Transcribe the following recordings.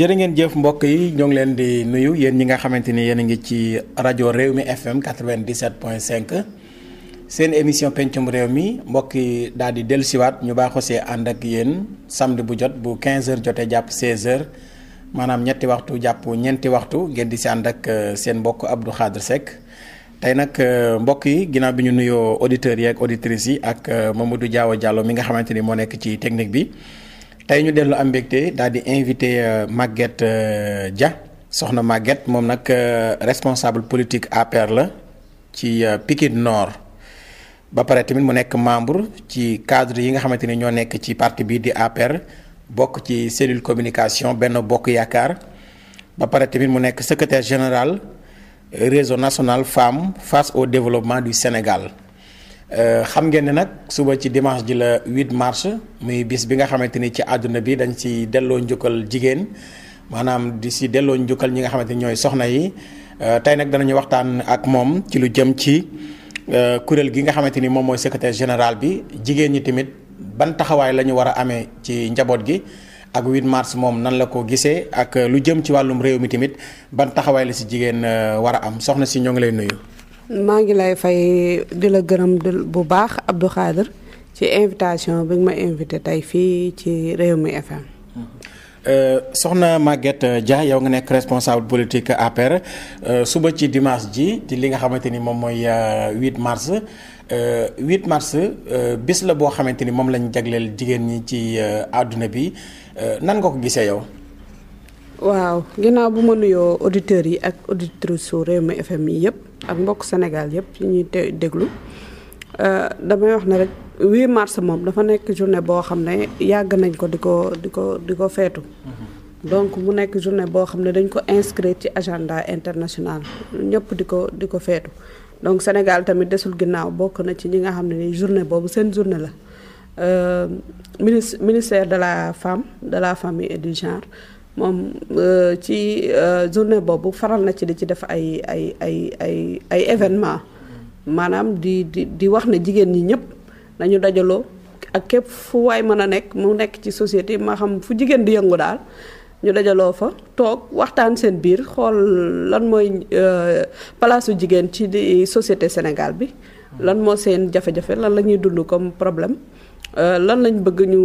jërë ngeen jëf mbokk yi ñoo ngi leen di nuyu yéen ñi nga xamante ni yéen a ngi ci rajo réew mi FM 97.5 seen émission pencum réew mi mbokk yi daal di siwaat ñu baaxo see ànd ak yéen samedi bu jot bu 15h jotee jàpp 16h maanaam ñetti waxtu jàpp ñeenti waxtu ngeen di si ànd ak euh, seen mbokk Abdou Khadre Seck tey nag euh, mbokk yi ginnaaw bi ñu nuyoo auditeurs yi ak auditrices yi ak euh, Mamadou Diaw Diallo mi nga xamante ni moo nekk ci technique bi. tey ñu dellu am mbégte daal di invité euh, Maguette ja euh, soxna Maguette moom nag euh, responsable politique APR la ci Pikine Nord ba pare tamit mu nekk membre ci cadre yi nga xamante ni ñoo nekk ci parti bii di APR bokk ci cellule communication benn bokk yaakaar ba pare tamit mu nekk secretaire général réseau national femme face au développement du Sénégal Euh, xam ngeen ne nag suba ci dimanche ji la 8 mars muy bis bi nga xamante ni ci àdduna bi dañ ci delloo njukkal jigéen maanaam di si delloo njukkal ñi nga xamante ni ñooy soxna yi euh, tey nag danañu waxtaan ak moom ci lu jëm ci euh, kuréel gi nga xamante ni moom mooy secretaire général bi jigéen ñi tamit ban taxawaay la ñu war a amee ci njaboot gi ak 8 mars moom nan la ko gisee ak lu jëm ci wàllum réew mi tamit ban taxawaay la si jigéen war a am soxna si ñoo ngi lay nuyu. maa ngi lay fay di la gërëm bu baax Abdou Khader ci invitation bi ma invité tey fii ci Rewmi FM. Euh, soxna Maguette Dia yow nga nekk responsable politique APR euh, suba ci dimanche ji di li nga xamante ni moom mooy 8 euh, mars 8 mars bis la boo xamante ni moom lañ jagleel jigéen ñi ci àdduna bi nan nga ko gisee yow. waaw ginnaaw bu ma nuyoo auditeurs yi ak auditrices su mi FM yi yëpp ak mbokk Sénégal yëpp ñuy te déglu euh, damay wax ne rek 8 mars moom dafa nekk journée boo xam ne yàgg nañ ko di ko di ko di ko feetu. Mm-hmm. donc mu nekk journée boo xam ne dañ ko inscrire ci agenda international ñëpp di ko di ko feetu donc Sénégal tamit desul ginnaaw bokk na ci ñi nga xam ne ni journée boobu seen journée la euh, ministre ministère de la femme de la famille et du genre. moom euh, ci euh, journée boobu faral na ci di ci def ay ay ay ay ay événement maanaam di di di wax ne jigéen ñi ñëpp nañu dajaloo ak képp fu waay mën a nekk mu nekk ci société maa xam fu jigéen di yëngu daal ñu dajaloo fa toog waxtaan seen biir xool lan mooy euh, palaasu jigéen ci di société Sénégal bi lan moo seen jafe-jafe lan la ñuy dund comme problème Euh, lan lañ bëgg ñu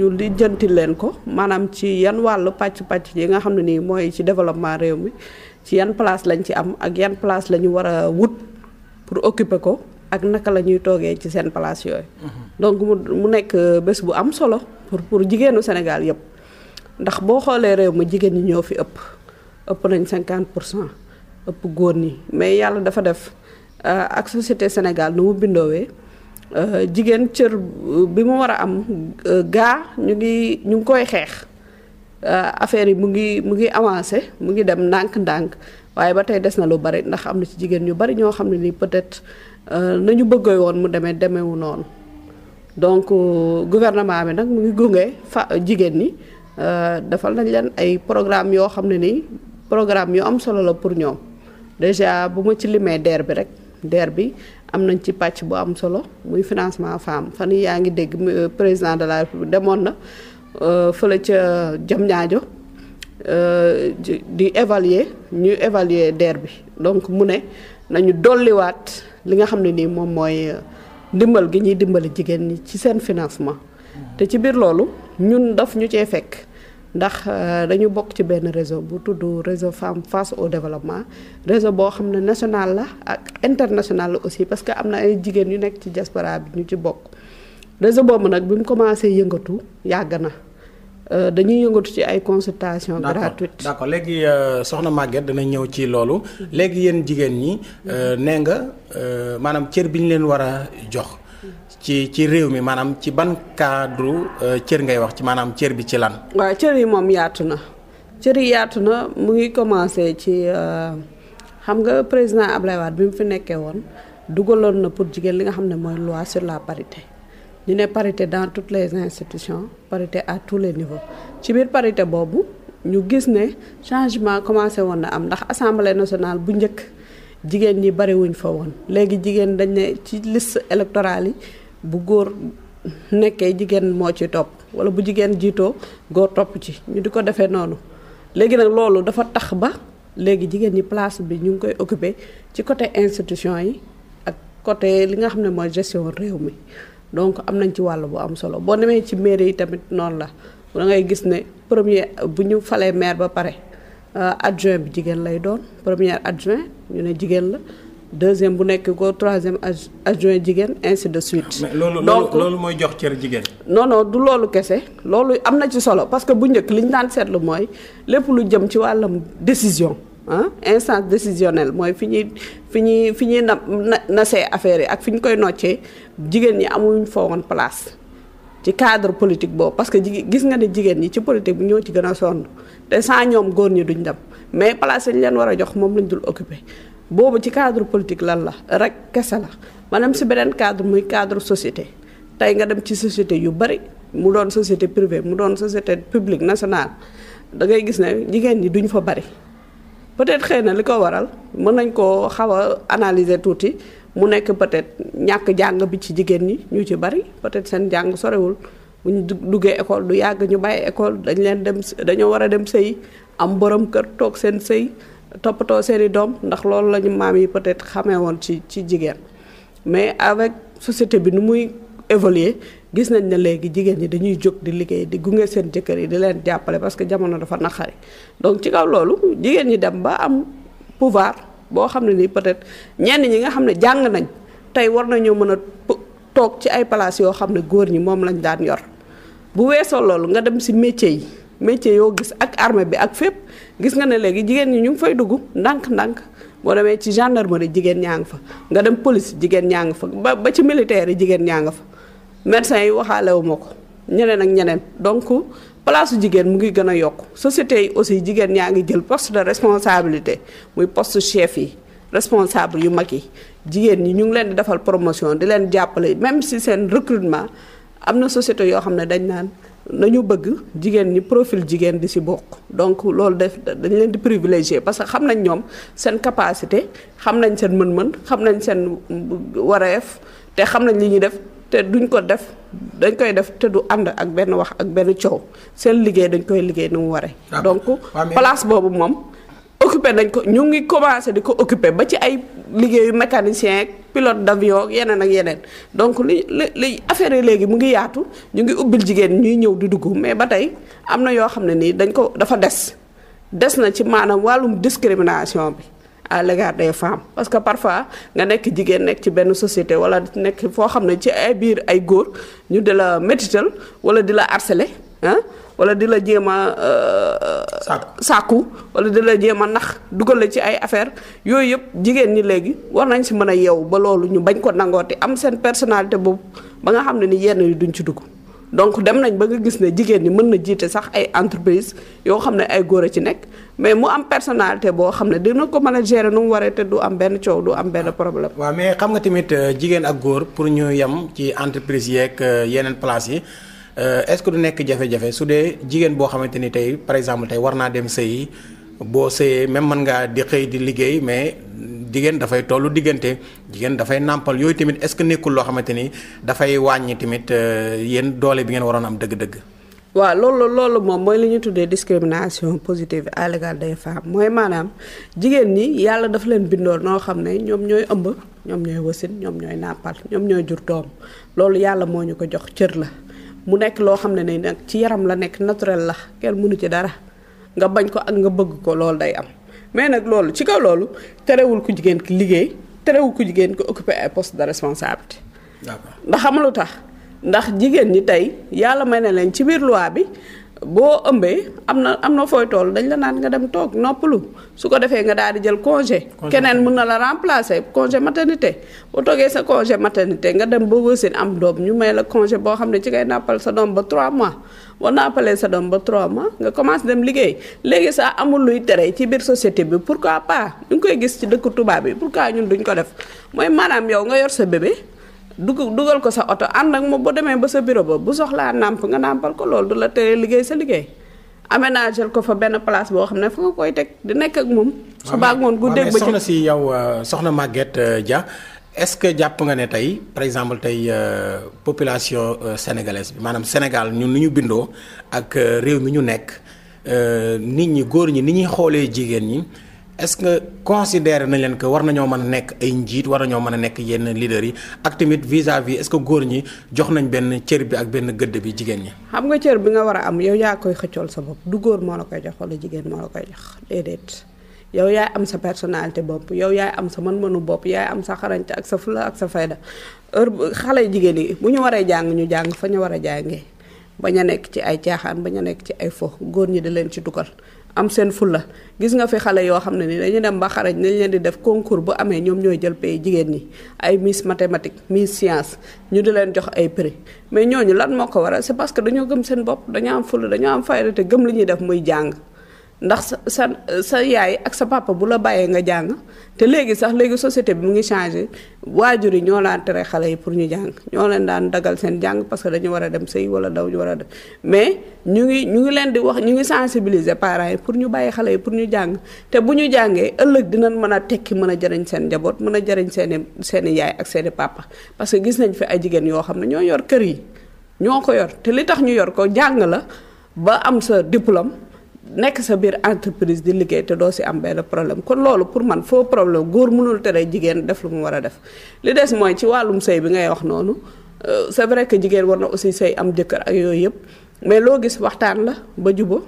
ñu lijjanti leen ko maanaam ci yan wàll pàcc-pàcc yi nga xam ne nii mooy ci développement réew mi ci yan place lañ ci am ak yan place la ñu war a wut pour occuper ko ak naka la ñuy toogee ci seen place yooy mm-hmm. donc mu mu nekk bés bu am solo pour pour jigéenu Sénégal yëpp ndax boo xoolee réew mi jigéen ñi ñoo fi ëpp ëpp nañ 50 pour cent ëpp góor nii mais yàlla dafa def euh, ak société Sénégal nu mu bindoowee. Euh, jigéen cër bi mu war a am euh, gaa ñu ngi ñu ngi koy xeex euh, affaire yi mu ngi mu ngi avancé mu ngi dem ndànk-ndànk waaye ba tey des na lu bari ndax am na ci jigéen ñu bari ñoo xam ne nii peut-être nañu bëggee woon mu demee demewu noonu donc gouvernement bi nag mu ngi gunge fa jigéen ñi defal nañ leen ay programme yoo xam ne ni programme yu am solo la pour ñoom déjà bu ma ci limee DER bi rek DER bi am nañ ci pàcc bu am solo muy financement femme fan yaa ngi dégg euh, président de la république demoon na euh, fële ca jam ñaajo euh, di évaluer ñuy évaluer DER bi donc mu ne nañu dolliwaat li nga xam ne nii moom mooy ndimbal gi ñuy dimbali jigéen ñi ci seen financement mm-hmm. te ci biir loolu ñun daf ñu cee fekk ndax euh, dañu bokk ci benn réseau bu tudd réseau femme face au développement réseau boo xam ne nationale la ak international aussi parce que am na ay jigéen yu nekk ci diaspora bi ñu ci bokk réseau boobu nag bi mu commencé yëngatu yàgg na euh, dañuy yëngatu ci ay consultation gratuite d'accord léegi euh, soxna Maguette dana ñëw ci loolu mhm. léegi yéen jigéen ñi mhm. nee nga maanaam cër bi ñu leen war a jox ci ci réew mi maanaam ci ban cadre euh, cër ngay wax ci maanaam cër bi ci lan. waa cër yi moom yaatu na cër yi yaatu na mu ngi commencé ci euh, xam nga président Ablaye Wade bi mu fi nekkee woon dugaloon na pour jigéen li nga xam ne mooy loi sur la parité ñu ne parité dans toutes les institutions parité à tous les niveaux ci biir parité boobu ñu gis ne changement commencé woon na am ndax assemblée nationale bu njëkk jigéen ñi bari wuñ fa woon léegi jigéen dañ ne ci liste électorale yi. bu góor nekkee jigéen moo ci topp wala bu jigéen jiitoo góor topp ci ñu di ko defee noonu léegi nag loolu dafa tax ba léegi jigéen ñi place bi ñu ngi koy occupé ci côté institution yi ak côté li nga xam ne mooy gestion réew mi donc am nañ ci wàll bu am solo boo demee ci mairie yi tamit noonu la da ngay gis ne premier bu ñu falee maire ba pare euh, adjoint bi jigéen lay doon premier adjoint ñu ne jigéen la deuxième bu nekk ko troisième adjoint jigéen ainsi de suite. mais loolu loolu mooy jox cër jigéen. non du loolu kese loolu am na ci solo parce que bu njëkk li ñu daan seetlu mooy lépp lu jëm ci wàllam décision ah instance décisionnelle mooy fi ñuy fi ñuy fi ñuy na na nasee affaire yi ak fi ñu koy noccee jigéen ñi amuñ fa woon place. ci cadre politique boobu parce que jigéen gis nga ne jigéen ñi ci politique bu ñoo ci gën a sonn te sans ñoom góor ñi duñ dem mais place yi leen war a jox moom lañ dul occupé. boobu ci cadre politique lan la rek kese la maanaam si beneen cadre muy cadre société tey nga dem ci société yu bari mu doon société privée mu doon société publique national da ngay gis ne jigéen ñi duñ fa bari peut-être xëy na li ko waral mën nañ koo xaw a analyser tuuti mu nekk peut-être ñàkk jàng bi ci jigéen ñi ñu ci bari peut-être seen jàng sorewul bu ñu duggee école du yàgg ñu bàyyi école dañ leen dem dañoo war a dem sëy am borom kër toog seen sëy toppatoo seen i doom ndax loolu la ñu maam yi peut-être xamee woon ci ci jigéen mais avec société bi nu muy évoluer gis nañ ne léegi jigéen ñi dañuy jóg di liggéey di gunge seen jëkkër yi di leen jàppale parce que jamono dafa naqari donc ci kaw loolu jigéen ñi dem ba am pouvoir boo xam ne ni peut-être ñenn ñi nga xam ne jàng nañ tey war nañoo mën a toog ci ay places yoo xam ne góor ñi moom lañ daan yor bu weesoo loolu nga dem si métier yi métier yoo gis ak armée bi ak fépp. gis nga ne léegi jigéen ñi ñu ngi fay dugg ndànk-ndànk boo demee ci gendarmerie jigéen ñaa ngi fa nga dem police jigéen ñaa ngi fa ba ba ci militaire yi jigéen ñaa nga fa médecins yi waxaale ma ko ñeneen ak ñeneen donc place jigéen mu ngi gën a yokk société yi aussi jigéen ñaa ngi jël poste de responsabilité muy poste chef yi responsable yu mag yi jigéen ñi ñu ngi leen di defal promotion di leen jàppale même si seen recrutement am na société yoo xam ne dañ naan nañu bëgg jigéen ñi profil jigéen di si bokk donc loolu def dañ leen di privilégier parce que xam nañ ñoom seen capacité xam nañ seen mën-mën xam nañ seen wareef te xam nañ li ñuy def te duñ ko def dañ koy def te du ànd ak benn wax ak benn coow seen liggéey dañ koy liggéey ni mu waree. Ah, donc place boobu moom. occupé nañ ko ñu ngi commencé di ko occupé ba ci ay. liggéeyu mécanicien ak pilote d'avion ak yeneen ak yeneen donc li li affaire léegi mu ngi yaatu ñu ngi ubbil jigéen ñuy ñëw di dugg mais ba tey am na yoo xam ne nii dañ ko dafa des des na ci maanaam wàllum discrimination bi à l'égard des femmes parce que parfois nga nekk jigéen nekk ci benn société wala nekk foo xam ne ci ay biir ay góor ñu di la métital wala di la harceler ah wala di la jéem a. Euh, sàkku wala di la jéem a nax dugal la ci ay affaire yooyu yëpp jigéen ñi léegi war nañ si mën a yeewu ba loolu ñu bañ ko nangooti am seen personnalité boobu ba nga xam ne ni yenn yi duñ ci dugg. donc dem nañ ba nga gis ne jigéen ñi mën na jiite sax ay entreprise yoo xam ne ay góor a ci nekk mais mu am personnalité boo xam ne dina ko mën a gérer nu mu waree te du am benn coow du am benn problème. waa mais xam nga tamit euh, jigéen ak góor pour ñu yem ci entreprise yeeg euh, yeneen place yi. Euh, est-ce que du nekk jafe-jafe su dee jigéen boo xamante ni tey par exemple tey war naa dem sëyi boo sëyee même mën ngaa di xëy di liggéey mais jigéen dafay tollu diggante jigéen dafay nàmpal yooyu tamit est-ce que nekkul loo xamante ni dafay wàññi tamit euh, yéen doole bi ngeen waroon am dëgg-dëgg. waaw loolu loolu moom mooy li ñu tuddee discrimination positive à l'égard des femmes mooy maanaam jigéen ñi yàlla dafa leen bindoon noo xam ne ñoom ñooy ëmb ñoom ñooy wasin ñoom ñooy nàmpal ñoom ñooy jur doom loolu yàlla moo ñu ko jox cër la. mu nekk loo xam ne ne nag ci yaram la nekk naturel la kenn mënu ci dara nga bañ ko ak nga bëgg ko loolu day am mais nag loolu ci kaw loolu terewul ku jigéen ki liggéey terewul ku jigéen ki occupé ay poste de responsabilité. d'accord ndax xam lu tax ndax jigéen ñi tey yàlla may na leen ci biir loi bi. boo ëmbee am na am na fooy tool dañ la naan nga dem toog noppalu su ko defee nga daal di jël congé. keneen mun na la remplacer congé maternité. boo toogee sa congé maternité nga dem ba wësin am doom ñu may la congé boo xam ne ci ngay nàppal sa doom ba trois mois boo nàppalee sa doom ba 3 mois nga commencé dem liggéey léegi sax amul luy tere ci biir société bi pourquoi pas ñu ngi koy gis ci dëkk tubaab bi pourquoi ñun duñ ko def mooy maanaam yow nga yor sa bébé. dugg dugal ko sa oto ànd ak moom boo demee ba sa bureau ba bu soxlaa nàmp nga nàmpal ko loolu du la tere liggéey sa liggéey aménagé ko fa benn place boo xam ne fa nga koy teg di nekk ak moom. su baag moom guddeeg ba soxna si yow euh, soxna Maguette ja euh, est-ce que jàpp nga ne tey par exemple tey euh, population sénégalaise bi maanaam Sénégal ñun ni ñu bindoo ak réew mi ñu nekk nit ñi góor ñi ni ñuy xoolee jigéen ñi. est-ce que considéré nañ leen que war nañoo mën a nekk ay njiit war nañoo mën a nekk yenn leaders yi ak tamit vis-à-vis est-ce que góor ñi jox nañ benn cër bi ak benn gëdd bi jigéen ñi. xam nga cër bi nga war a am yow yaa koy xëccool sa bopp du góor moo la koy jox wala jigéen moo la koy jox déedéet. yow yaay am sa personnalité bopp yow yaay am sa mën-mënu bopp yaay am sa xarañte ak sa fula ak sa fayda heure xale jigéen yi bu ñu waree jàng ñu jàng fa ñu war a jàngee bañ a nekk ci ay caaxaan bañ a nekk ci ay fo góor ñi da leen ci dugal am seen fulla gis nga fi xale yoo xam ne ni dañu dem ba xarañ nañ leen di def concours bu amee ñoom ñooy jël pay jigéen ñi ay miss mathématique miss science ñu di leen jox ay prix mais ñooñu lan moo ko waral c'est parce que dañoo gëm seen bopp dañoo am fulla dañoo am fayda te gëm li ñuy def muy jàng ndax sa sa yaay ak sa papa bu la bàyyee nga jàng te léegi sax léegi société bi mu ngi changé waajur yi ñoo laa tere xale yi pour ñu jàng ñoo leen daan dagal seen jàng parce que dañu war a dem sëy wala daw ñu war a mais ñu ngi ñu ngi leen di wax ñu ngi sensibiliser parents yi pour ñu bàyyi xale yi pour ñu jàng te bu ñu jàngee ëllëg dinañ mën a tekki mën a jariñ seen njaboot mën a jariñ seeni seeni yaay ak seeni papa parce que gis nañ fi ay jigéen yoo xam ne ñoo yor kër yi ñoo ko yor te li tax ñu yor ko jàng la ba am sa diplôme nekk sa biir entreprise di liggéey te doo si am benn problème kon loolu pour man foo problème góor mënul tere jigéen def lu mu war a def li des mooy ci wàllum sëy bi ngay wax noonu euh, c'est vrai que jigéen war na aussi sëy am jëkkër ak yooyu yëpp mais loo gis waxtaan la ba jubóo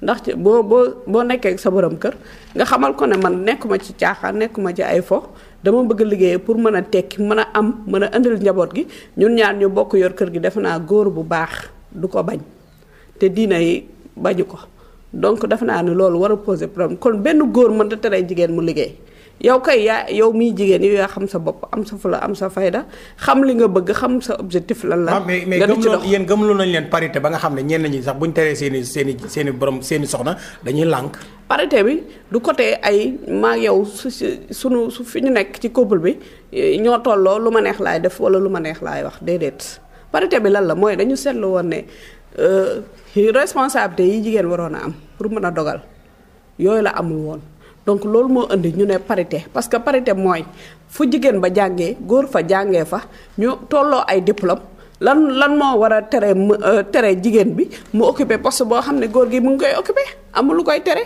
ndax ci boo boo boo nekkee sa borom kër nga xamal ko ne man nekkuma ci caaxaan nekkuma ci ay fo dama bëgg liggéey pour mën a tekki mën a am mën a indil njaboot gi ñun ñaar ñu bokk yor kër gi defe naa góor bu baax du ko bañ te diina yi bañu ko. donc dafa naa ne loolu war a poser problème kon benn góor mën a tere jigéen mu liggéey yow kay yaa yow miy jigéen yow yaa xam sa bopp am sa la am sa fayda xam li nga bëgg xam sa objectif lan la. Ah, mais mais gëmloo yéen gëmloo nañ leen parité ba nga xam ne ñenn ñi sax bu ñu teree seen i seen i seen i borom seen i dañuy lànk. parité bi du côté ay maa yow su sunu su fi ñu nekk ci couple bi ñoo tolloo lu ma neex laay def wala lu ma neex laay wax déedéet parité bi lan la mooy dañu seetlu woon ne. Euh, responsabilité yi jigéen waroon a am pour mën a dogal yooyu la amul woon donc loolu moo indi ñu ne parité parce que parité mooy fu jigéen ba jàngee góor fa jàngee fa ñu tolloo ay diplôme lan lan moo war a tere mu euh, tere jigéen bi mu occupé poste boo xam ne góor gi mu ngi koy occupé amulu koy tere.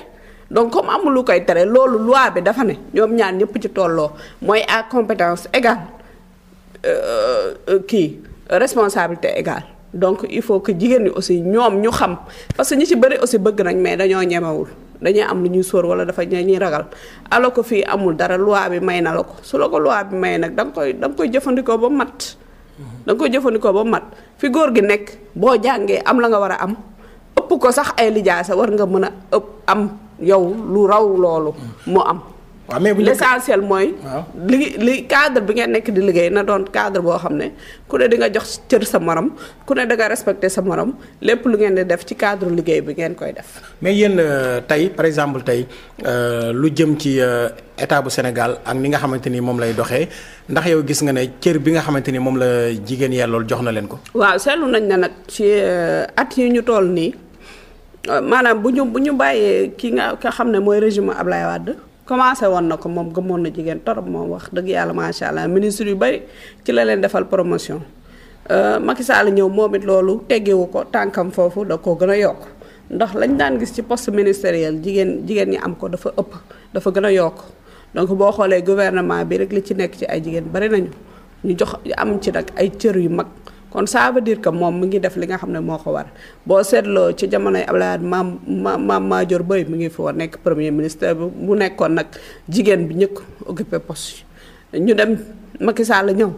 donc comme amul koy tere loolu loi bi dafa ne ñoom ñaan ñëpp ci tolloo mooy à compétence égale euh, kii responsabilité égale. donc il faut que jigéen ñi aussi ñoom ñu xam parce que ñi ci bëri aussi bëgg nañ mais dañoo ñemewul dañuy am lu ñuy sor wala dafa ñuy ragal alors ko fii amul dara loi bi may na la ko su la ko loi bi may nag da koy danga koy jëfandikoo ba mat. da nga jëfandikoo ba mat fi góor gi nekk boo jàngee am la nga war a am ëpp ko sax ay lijaasa war nga mën a ëpp am yow lu raw loolu mu am. waaw mais bu l' essentiel mooy. li li cadre bi ngeen nekk di liggéey na doon cadre boo xam ne ku ne di nga jox cër sa morom ku ne da nga sa morom lépp lu ngeen di def ci cadre liggéey bi ngeen koy def. mais yéen euh, tey par exemple tey euh, lu jëm ci euh, état bu Sénégal ak ni nga xamante ni moom lay doxee ndax yow gis nga ne cër bi nga xamante ni moom la jigéen yellool jox na leen ko. waaw seetlu nañ ne nag ci at yi ñu tool nii maanaam bu ñu bu ñu bàyyee ki nga xam ne mooy régime Ablaye Wade. commencé woon na ko moom gëmoon na jigéen torop moom wax dëgg yàlla macha allah ministre yu bari ci la leen defal promotion euh, Macky Sall ñëw moom it loolu teggewu ko tànkam foofu da ko gën a yokk ndax lañ daan gis ci poste ministériel jigéen jigéen ñi am ko dafa ëpp dafa gën a yokk donc boo xoolee gouvernement bi rek li ci nekk ci ay jigéen bari nañu ñu jox am ci nag ay cër yu mag kon ça veut dire que moom mu ngi def li nga xam ne moo ko war boo seetloo ci jamonoy Abdoulaye maam maam Madior Boye mu ngi fi war nekk premier ministre bu nekkoon nag jigéen bi ñëkk occupé poste ñu dem Macky Sall ñëw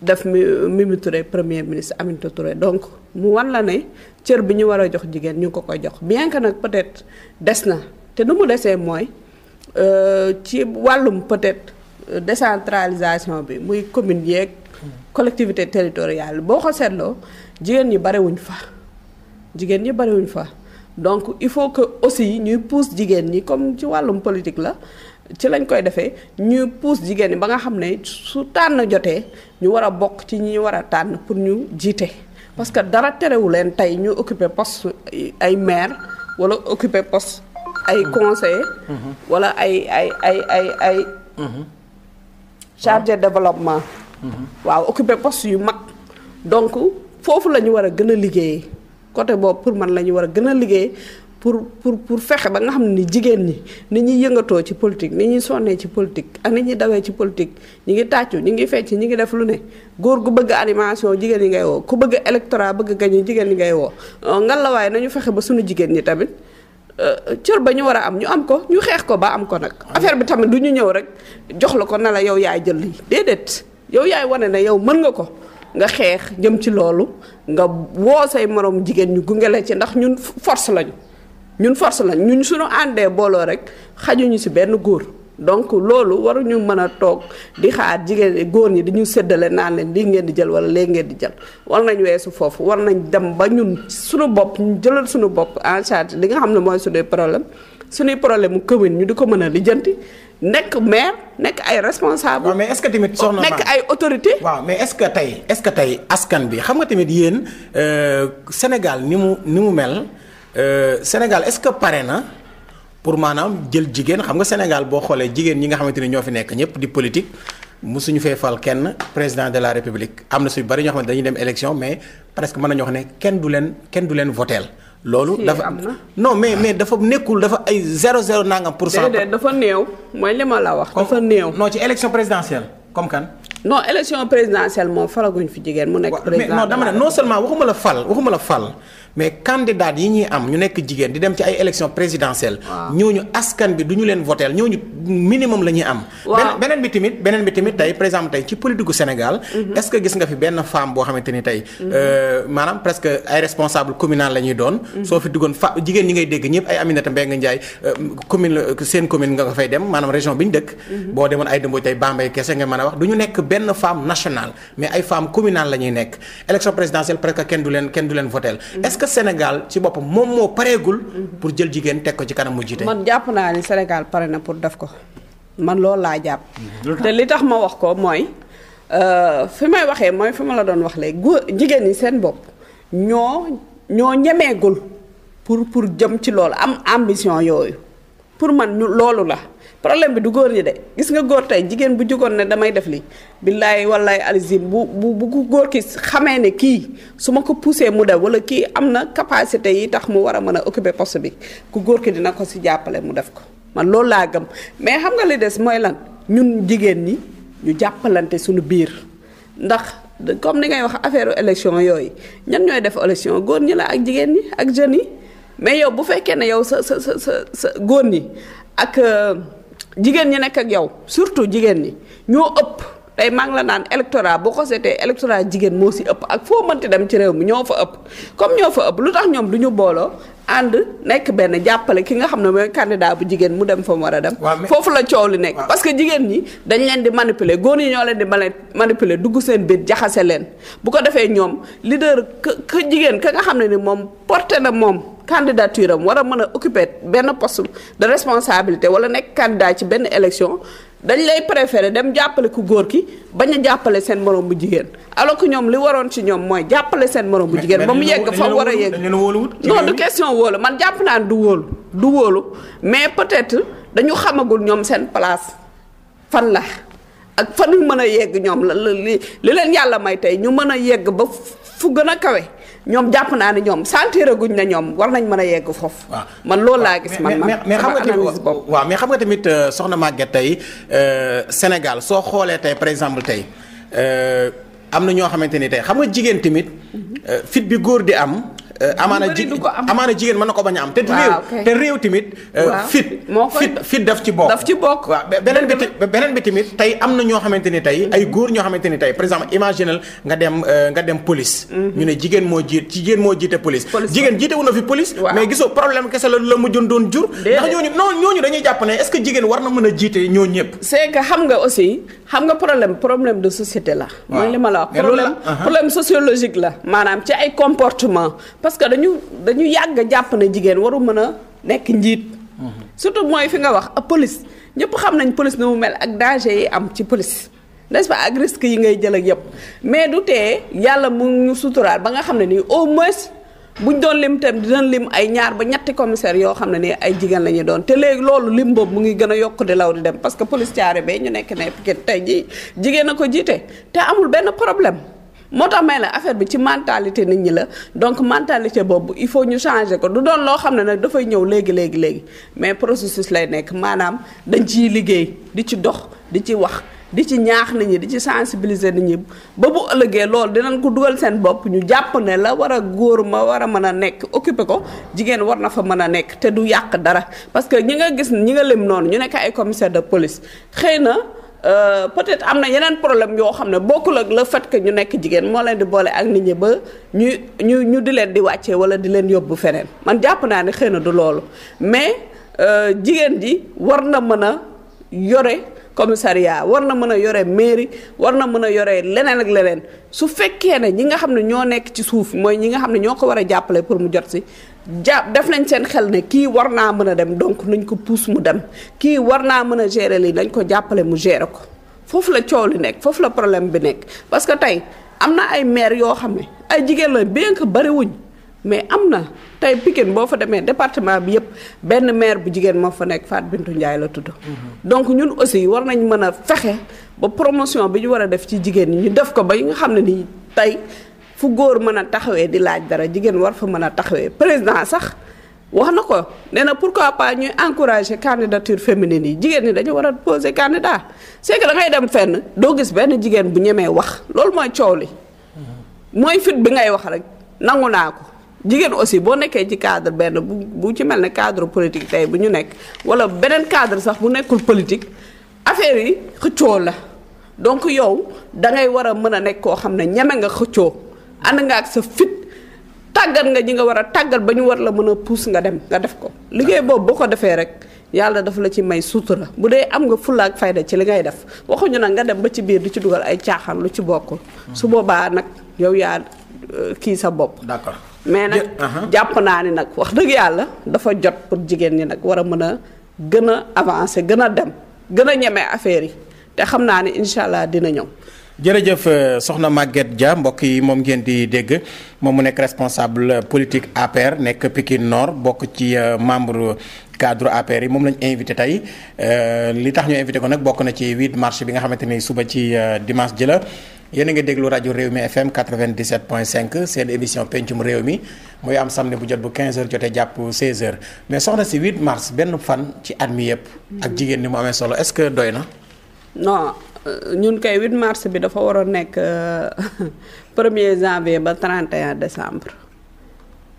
def mi Mimi Touré premier ministre Aminata Touré donc mu wan la ne cër bi ñu war a jox jigéen ñu ngi ko koy jox bien que nag peut-être des na te nu mu desee mooy euh, ci wàllum peut-être euh, bi muy commune yeeg. collectivité territoriale boo ko seetloo jigéen ñi bariwuñ fa jigéen ñi barewuñ fa donc il faut que aussi ñuy pousse jigéen ñi comme ci wàllum politique la ci lañ koy defee ñuy pousse jigéen ñi ba nga xam ne su tànn jotee ñu war a bokk ci ñi war a tànn pour ñu jiite parce que dara terewu leen tey ñu occuper poste ay maire wala occuper poste ay mm-hmm. conseiller mm-hmm. wala ay ay ay ay ay mm-hmm. chargé développement waaw occupé post yu mag donc foofu la ñu war a gën a liggéeyee côté boobu pour man la ñu war a gën a liggéey pour pour pour fexe ba nga xam ne ni jigéen ñi ni ñuy yëngatoo ci politique ni ñuy sonnee ci politique ak ni ñuy dawee ci politique ñi ngi tàccu ñi ngi fecc ñi ngi def lu ne góor gu bëgg animation jigéen ñi ngay woo ku bëgg électorat bëgg gañe jigéen ñi ngay woo euh, ngan la waaye nañu fexe ba suñu jigéen ñi tamit euh, cër ba ñu war a am ñu am ko ñu xeex ko ba am ko nag affaire bi tamit du ñu ñëw rek jox la ko na la yow yaay jël lii yow yaay wane na yow mën nga ko nga xeex jëm ci loolu nga woo say moroom jigéen ñu gunge la ci ndax ñun force lañu ñun force lañ ñun suñu àndee booloo rek xajuñu si benn góor donc loolu ñu mën a toog di xaar jigéen góor ñi di ñu séddale naan leen lii ngeen di jël wala lee ngeen di jël war nañ weesu foofu war nañ dem ba ñun suñu bopp jëlal suñu bopp en charge li nga xam ne mooy suñuy problème suñuy problème mu commune ñu di ko mën a lijjanti nekk maire nekk ay responsable. waaw mais est que tamit soxna nekk ay autorité waaw mais est-ce que tey est-ce que tey askan bi xam nga tamit yéen euh, Sénégal ni mu ni mu mel euh, Sénégal est-ce que pare na pour maanaam jël jigéen xam nga Sénégal boo xoolee jigéen ñi nga xamante ni ñoo fi nekk ñëpp di politique. musuñu fee fal kenn président de la république am na suy bari ñoo xamante dañu dem élection mais presque mën nañu wax ne kenn du leen kenn du leen voteel loolu dafa am na non mais mais dafa nekkul dafa ay zéro zéro nangam pour cent. déedéet dafa néew mooy li ma la wax. dafa néew non ci élection présidentielle comme kan. non élection présidentielle moom faraguñ fi jigéen mu nekk. président non dama ne non seulement waxuma la fal waxuma la fal. mais candidat yi ñu am ñu nekk jigéen di dem ci ay élection présidentielle ñooñu askan bi du ñu leen voteel ñooñu minimum la ñuy am beneen bi tamit beneen bi tamit tey par exemple tey ci politique gu Sénégal mhm. est-ce que gis nga fi benn femme boo te ni tey mhm. euh, maanaam presque ay responsable communal la ñuy doon mhm. soo fi duggoon fa jigéen ñi ngay dégg ñëpp ay Aminata Mbengue Ndiaye euh, commune seen commune nga ko fay dem maanaam région bi ñu dëkk boo demoon ay dëmboo a wax ñu nekk benn femme nationale mais ay femme nekk élection présidentielle presque kenn du leen kenn leen voteel Sénégal ci boppam moom moo pareegul. pour jël jigéen teg ko ci kanam mu jiite. man jàpp naa ni Sénégal pare na pour def ko man loolu laa jàpp. te li tax ma wax ko mooy euh, fi may waxee mooy fi ma la doon wax léegi góor jigéen ñi seen bopp ñoo ñoo ñemeegul pour pour jëm ci loolu am ambition yooyu pour man ñu loolu la. problème bi du góor ñi de gis nga góor tey jigéen bu jugoon ne damay def li billaay wallaay alizim bu bu bu góor ki xamee ne kii su ma ko poussé mu def wala kii am na capacité yi tax mu war a mën a occuper poste bi ku góor ki dina ko si jàppale mu def ko man loolu laa gëm mais xam nga li des mooy lan ñun jigéen ñi ñu jàppalante suñu biir ndax comme ni ngay wax affaire élection yooyu ñan ñooy def élection góor ñi la ak jigéen ñi ak jeunes yi mais yow bu fekkee ne yow sa sa sa góor ñi ak. Euh, jigéen ñi nekk ak yow surtout jigéen ñi ñoo ëpp tey maa la naan électorat boo ko seetee électorat jigéen moo si ëpp ak foo mënti dem ci réew mi ñoo fa ëpp comme ñoo fa ëpp lu tax ñoom du ñu booloo ànd nekk benn jàppale ki nga xam ne mooy candidat bu jigéen mu dem fa mu war a dem. foofu la coow li nekk. parce que jigéen ñi dañ leen di manipuler góor ñi ñoo leen di manipuler dugg seen biir jaxase leen bu ko defee ñoom leader ka jigéen ka nga xam ne ni moom porté na moom. candidature am war a mën a occuper benn post da responsabilité wala nekk candidat ci benn élection dañ lay préféré dem jàppale ku góor ki ba ñu jàppale seen morom bu jigéen alors que ñoom li waroon ci ñoom mooy jàppale seen morom bu jigéen ba mu yegg fa war a yegg non du question wóolu man jàpp naa du wóolu du wóolu mais peut-être dañu xamagul ñoom seen place fan la ak fan yu mën a yegg ñoom la li leen yàlla may tey ñu mën a yegg ba fu gën a kawe ñoom jàpp naa ne ñoom sentir guñ na ñoom war nañ mën a yegg foofu. man loolu laa gis man man mais xam nga tamit waaw mais xam nga tamit euh, soxna màgget tey euh, Sénégal soo xoolee tey par exemple tey euh, am na ñoo xamante ni tey xam nga jigéen tamit mm-hmm. fit bi góor di am. Euh, amaana ji amaana jigéen mën na ko bañ a am. te réew te réew tamit. Euh, fit fit fit daf ci bokk. daf ci bokk waaw beneen bi beneen tey am na ñoo xamante ni tey ay góor ñoo xamante ni tey par exemple imaginal nga dem euh, nga dem police. Mhm. ñu ne jigéen moo jiit jigéen moo jiite police. jigéen jiite wu na fi police. mais gisoo problème kese la la mujjoon doon jur. ndax ñooñu non ñooñu dañuy jàpp ne est-ce que jigéen war na mën a jiite ñoo ñëpp. c'est que xam nga aussi xam nga problème parce que dañu dañu yàgg jàpp na jigéen waru mën a nekk njiit. surtout mooy fi nga wax police ñëpp xam nañ police nu mu mel ak danger yi am ci police. n'est-ce pas ak risque yi ngay jël ak yëpp mais du tee yàlla mu ñu suturaal ba nga xam ne nii au moins buñ doon lim tam dinañ lim ay ñaar ba ñetti commissaire yoo xam ne nii ay jigéen la ñuy doon te léegi loolu lim boobu mu ngi gën a yokk di law di dem parce que police caare bee ñu nekk ne Pikine tey jii jigéen a ko jiite te amul benn problème. moo tax may la affaire bi ci mentalité nit ñi la donc mentalité boobu il faut ñu changer ko du doon loo xam ne nag dafay ñëw léegi léegi léegi mais processus lay nekk maanaam dañ ciy liggéey di ci dox di ci wax di ci ñaax nit ñi di ci sensibiliser nit ñi ba bu ëllëgee loolu dinañ ko dugal seen bopp ñu jàpp ne la war a góor ma war a mën a nekk occupé ko jigéen war na fa mën a nekk te du yàq dara parce que ñi nga gis ñi nga lem noonu ñu nekk ay commissaire de police xëy na. Euh, peut-être am na yeneen problème yoo xam ne bokkul ak le fait que ñu nekk jigéen moo leen di boole ak nit ñi ba ñu ñu ñu di leen di wàccee walla di leen yóbbu feneen man jàpp naa ne xëy na du loolu mais euh, jigéen ji war na mën a yore commissariat war na mën a yore mairie war na mën a yore leneen ak leneen su fekkee ne ñi nga xam ne ñoo nekk ci suuf mooy ñi nga xam ne ñoo ko war a jàppale pour mu jot si jàpp def nañ seen xel ne kii war naa mën a dem donc nañ ko pousse mu dem kii war naa mën a gérer lii nañ ko jàppale mu gérer ko foofu la coow li nekk foofu la problème bi nekk parce que tey am na ay maire yoo xam ne ay jigéen la bien que mais am na tey Pikine boo fa demee département bi yëpp benn maire bu jigéen moo fa nekk Fatou Bintou Ndiaye la tudd. Mhm. donc ñun aussi war nañ mën a fexe ba promotion bi ñu war a def ci jigéen ñi ñu def ko ba yi nga xam ne nii tey. fu góor mën a taxawee di laaj dara jigéen war fa mën a taxawee président sax wax na ko nee na pourquoi pas ñuy encourager candidature féminine yi jigéen ñi dañu war a poser candidat c'est da ngay dem fenn doo gis benn jigéen bu ñemee wax loolu mooy coow li mooy fit bi ngay wax rek nangu naa ko jigéen aussi boo nekkee ci cadre benn bu bu ci mel ne cadre politique tey bu ñu nekk wala beneen cadre sax bu nekkul politique affaire yi xëccoo la donc yow da ngay war a mën a nekk koo xam ne ñeme nga xëccoo. ànd nga ak sa fit tàggat nga ñi nga war a tàggal ba ñu war la mën a puus nga dem nga def ko liggéey ah. boobu boo ko defee rek yàlla dafa la ci may sutura bu dee am nga fulla ak fayda ci li ngay def waxuñu nag nga dem ba ci biir di ci dugal ay caaxal lu ci bokkul hmm. su boobaa nag yow yaa euh, kii sa bopp d'accord mais nag uh-huh. jàpp naa ne nag wax dëgg yàlla dafa jot pour jigéen ñi nag war a mën a gën a avancer gën a dem gën a ñeme affaire yi te xam naa ni incha allah dina ñëw jërëjëf euh, soxna Maguette Dia mbokk yi moom ngeen di dégg moom mu nekk responsable politique APR nekk Pikine Nord bokk ci euh, membre cadre APR yi moom lañu invité tey euh, li tax ñu invité ko nag bokk na ci 8 mars bi nga xamante ni suba ci dimanche ji la yéen a ngi déglu rajo Réew mi FM 97.5 seen émission pencum réew mi mooy am samedi bu jot bu 15h jotee jàpp 16h mais soxna si 8 mars benn fan ci at mi yëpp. ak jigéen ni mu amee solo est-ce que doy na. ñun kay 8 mars bi dafa waroon nekk 1er euh, janvier ba 31 décembre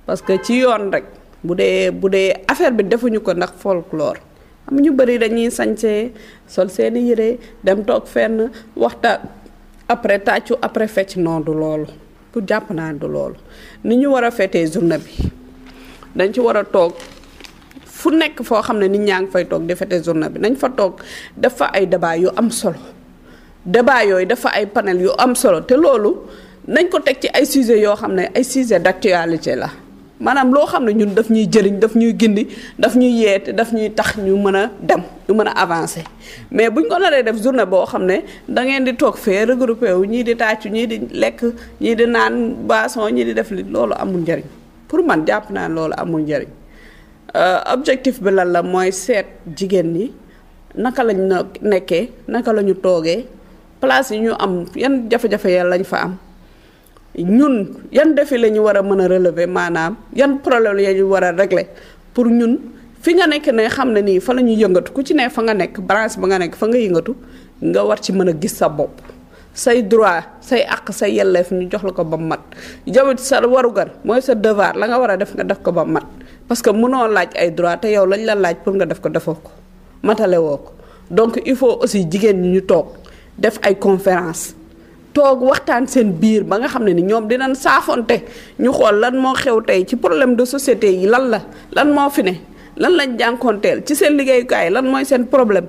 parce que ci yoon rek bu dee bu dee affaire bi defuñu ko ndax folklore am ñu bëri dañuy sañse sol seeni yére dem toog fenn waxta après tàccu après fecc non du loolu pour jàpp naa du loolu ni ñu war a fêtee journée bi dañ ci war a toog fu nekk foo xam ne nit ñaa ngi fay toog di fêtee journée bi nañ fa toog def fa ay débat yu am solo débat yooyu dafa ay panel yu am solo te loolu nañ ko teg ci ay sujet yoo xam ne ay sujet d'actualité la maanaam loo xam ne ñun daf ñuy jëriñ daf ñuy gindi daf ñuy yeete daf ñuy tax ñu mën a dem ñu mën a avancé mais buñ ko naree def journée boo xam ne da ngeen di toog fee regroupé wu ñii di tàccu ñii di lekk ñii di naan baason ñii di def li loolu amul njëriñ pour man jàpp naa loolu amul njëriñ euh, objectif bi lan la mooy seet jigéen ñi naka lañ nekkee naka la ñu toogee. place yi ñu am yan jafe-jafe ya lañ fa am ñun yan défi la ñu war a mën a relever maanaam yan problème ya ñu war a régler pour ñun fi nga nekk ne xam ne nii fa la ñu yëngatu ku ci ne fa nga nekk branche ba nga nekk fa nga yëngatu nga war ci mën a gis sa bopp say droit say àq say yelleef ñu jox la ko ba mat jawit sa warugar mooy sa devoir la nga war a def nga def ko ba mat parce que mënoo laaj ay droit te yow lañ la laaj pour nga def ko defoo ko matale woo ko donc il faut aussi jigéen ñi ñu toog def ay conférence toog waxtaan seen biir ba nga xam ne ni ñoom dinañ saafonte ñu xool lan moo xew tey ci problème de société yi lan la lan moo fi ne lan lañ jànkoonteel ci seen liggéeyukaay lan mooy seen problème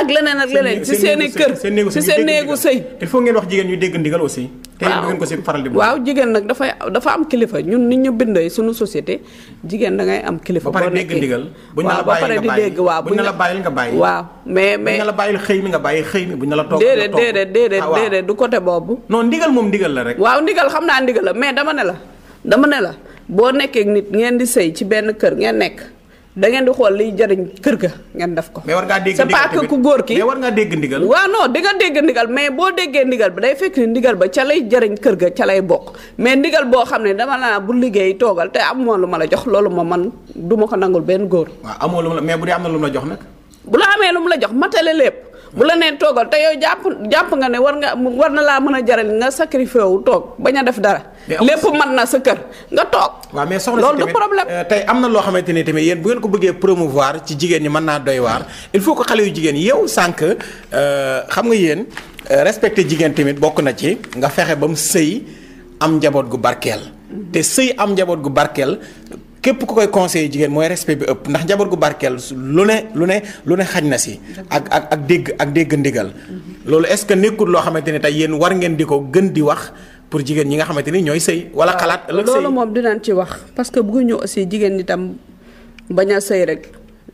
ak leneen ak leneen ci seen i kër ci seen néegu sëy il faut ngeen wax jigéen ñu dégg ndigal aussi tey ngeen ko si faral di waaw jigéen nag dafay dafa am kilifa ñun nit ñu bindee suñu société jigéen da ngay am kilifa boo nekkee waaw ba pare di dégg waaw buñ la bàyyil nga bàyyi waaw mais mais buñ la xëy mi bàyyi xëy mi buñ la toog déedéet ah, déedéet du côté boobu non ndigal moom ndigal la rek waaw ndigal xam naa ndigal la mais dama ne la dama ne la boo nekkee nit ngeen di sëy ci benn kër ngeen nekk da ngeen di xool liy jariñ kër ga ngeen def ko. mais war ngaa dégg ndigal c'est pas ku góor ki. mais war ngaa dégg ndigal. waaw di nga dégg ndigal mais boo déggee ndigal bi day fekk ni ndigal ba ca lay jëriñ kër ga ca lay bokk mais ndigal boo xam ne dama laa bu liggéey toogal te amoo lu ma la jox loolu ma man du ma ko nangul benn góor. waa amoo lu ma la mais bu dee am na lu ma la jox nag. bu la amee lu ma la jox matale lépp bu la neen toogal te yow jàpp jàpp nga ne war nga war na laa mën a jaral nga sacrifié wu toog bañ a def dara. lépp man na sa kër nga toog. waaw mais soxna si loolu du problème. Euh, tey am na loo xamante ni tamit yéen bu ngeen ko bëggee promouvoir ci jigéen ñi mën naa doy waar il faut que xale yu jigéen yow sànq euh, xam nga yéen euh, respecté jigéen tamit bokk na ci nga fexe ba mu sëy am njaboot gu barkeel. Mm-hmm. te sëy am njaboot gu barkeel képp ku koy conseiller jigéen mooy respect bi ëpp ndax njaboot gu barkeel lu ne lu ne lu ne xaj na si. ak ak ak dégg ak dégg ndigal. Mhm. loolu est-ce que nekkul loo xamante ne tey yéen war ngeen di ko gën di wax. pour jigéen ñi nga xamante ni ñooy sëy wala xalaat ëllëg sëy loolu moom dinañ ci wax parce que bëgguñu aussi jigéen ñi tam bañ a sëy rek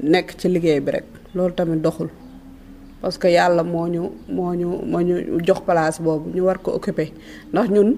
nekk ci liggéey bi rek loolu tamit doxul parce que yàlla moo ñu moo ñu moo ñu jox place boobu ñu war ko occuper ndax ñun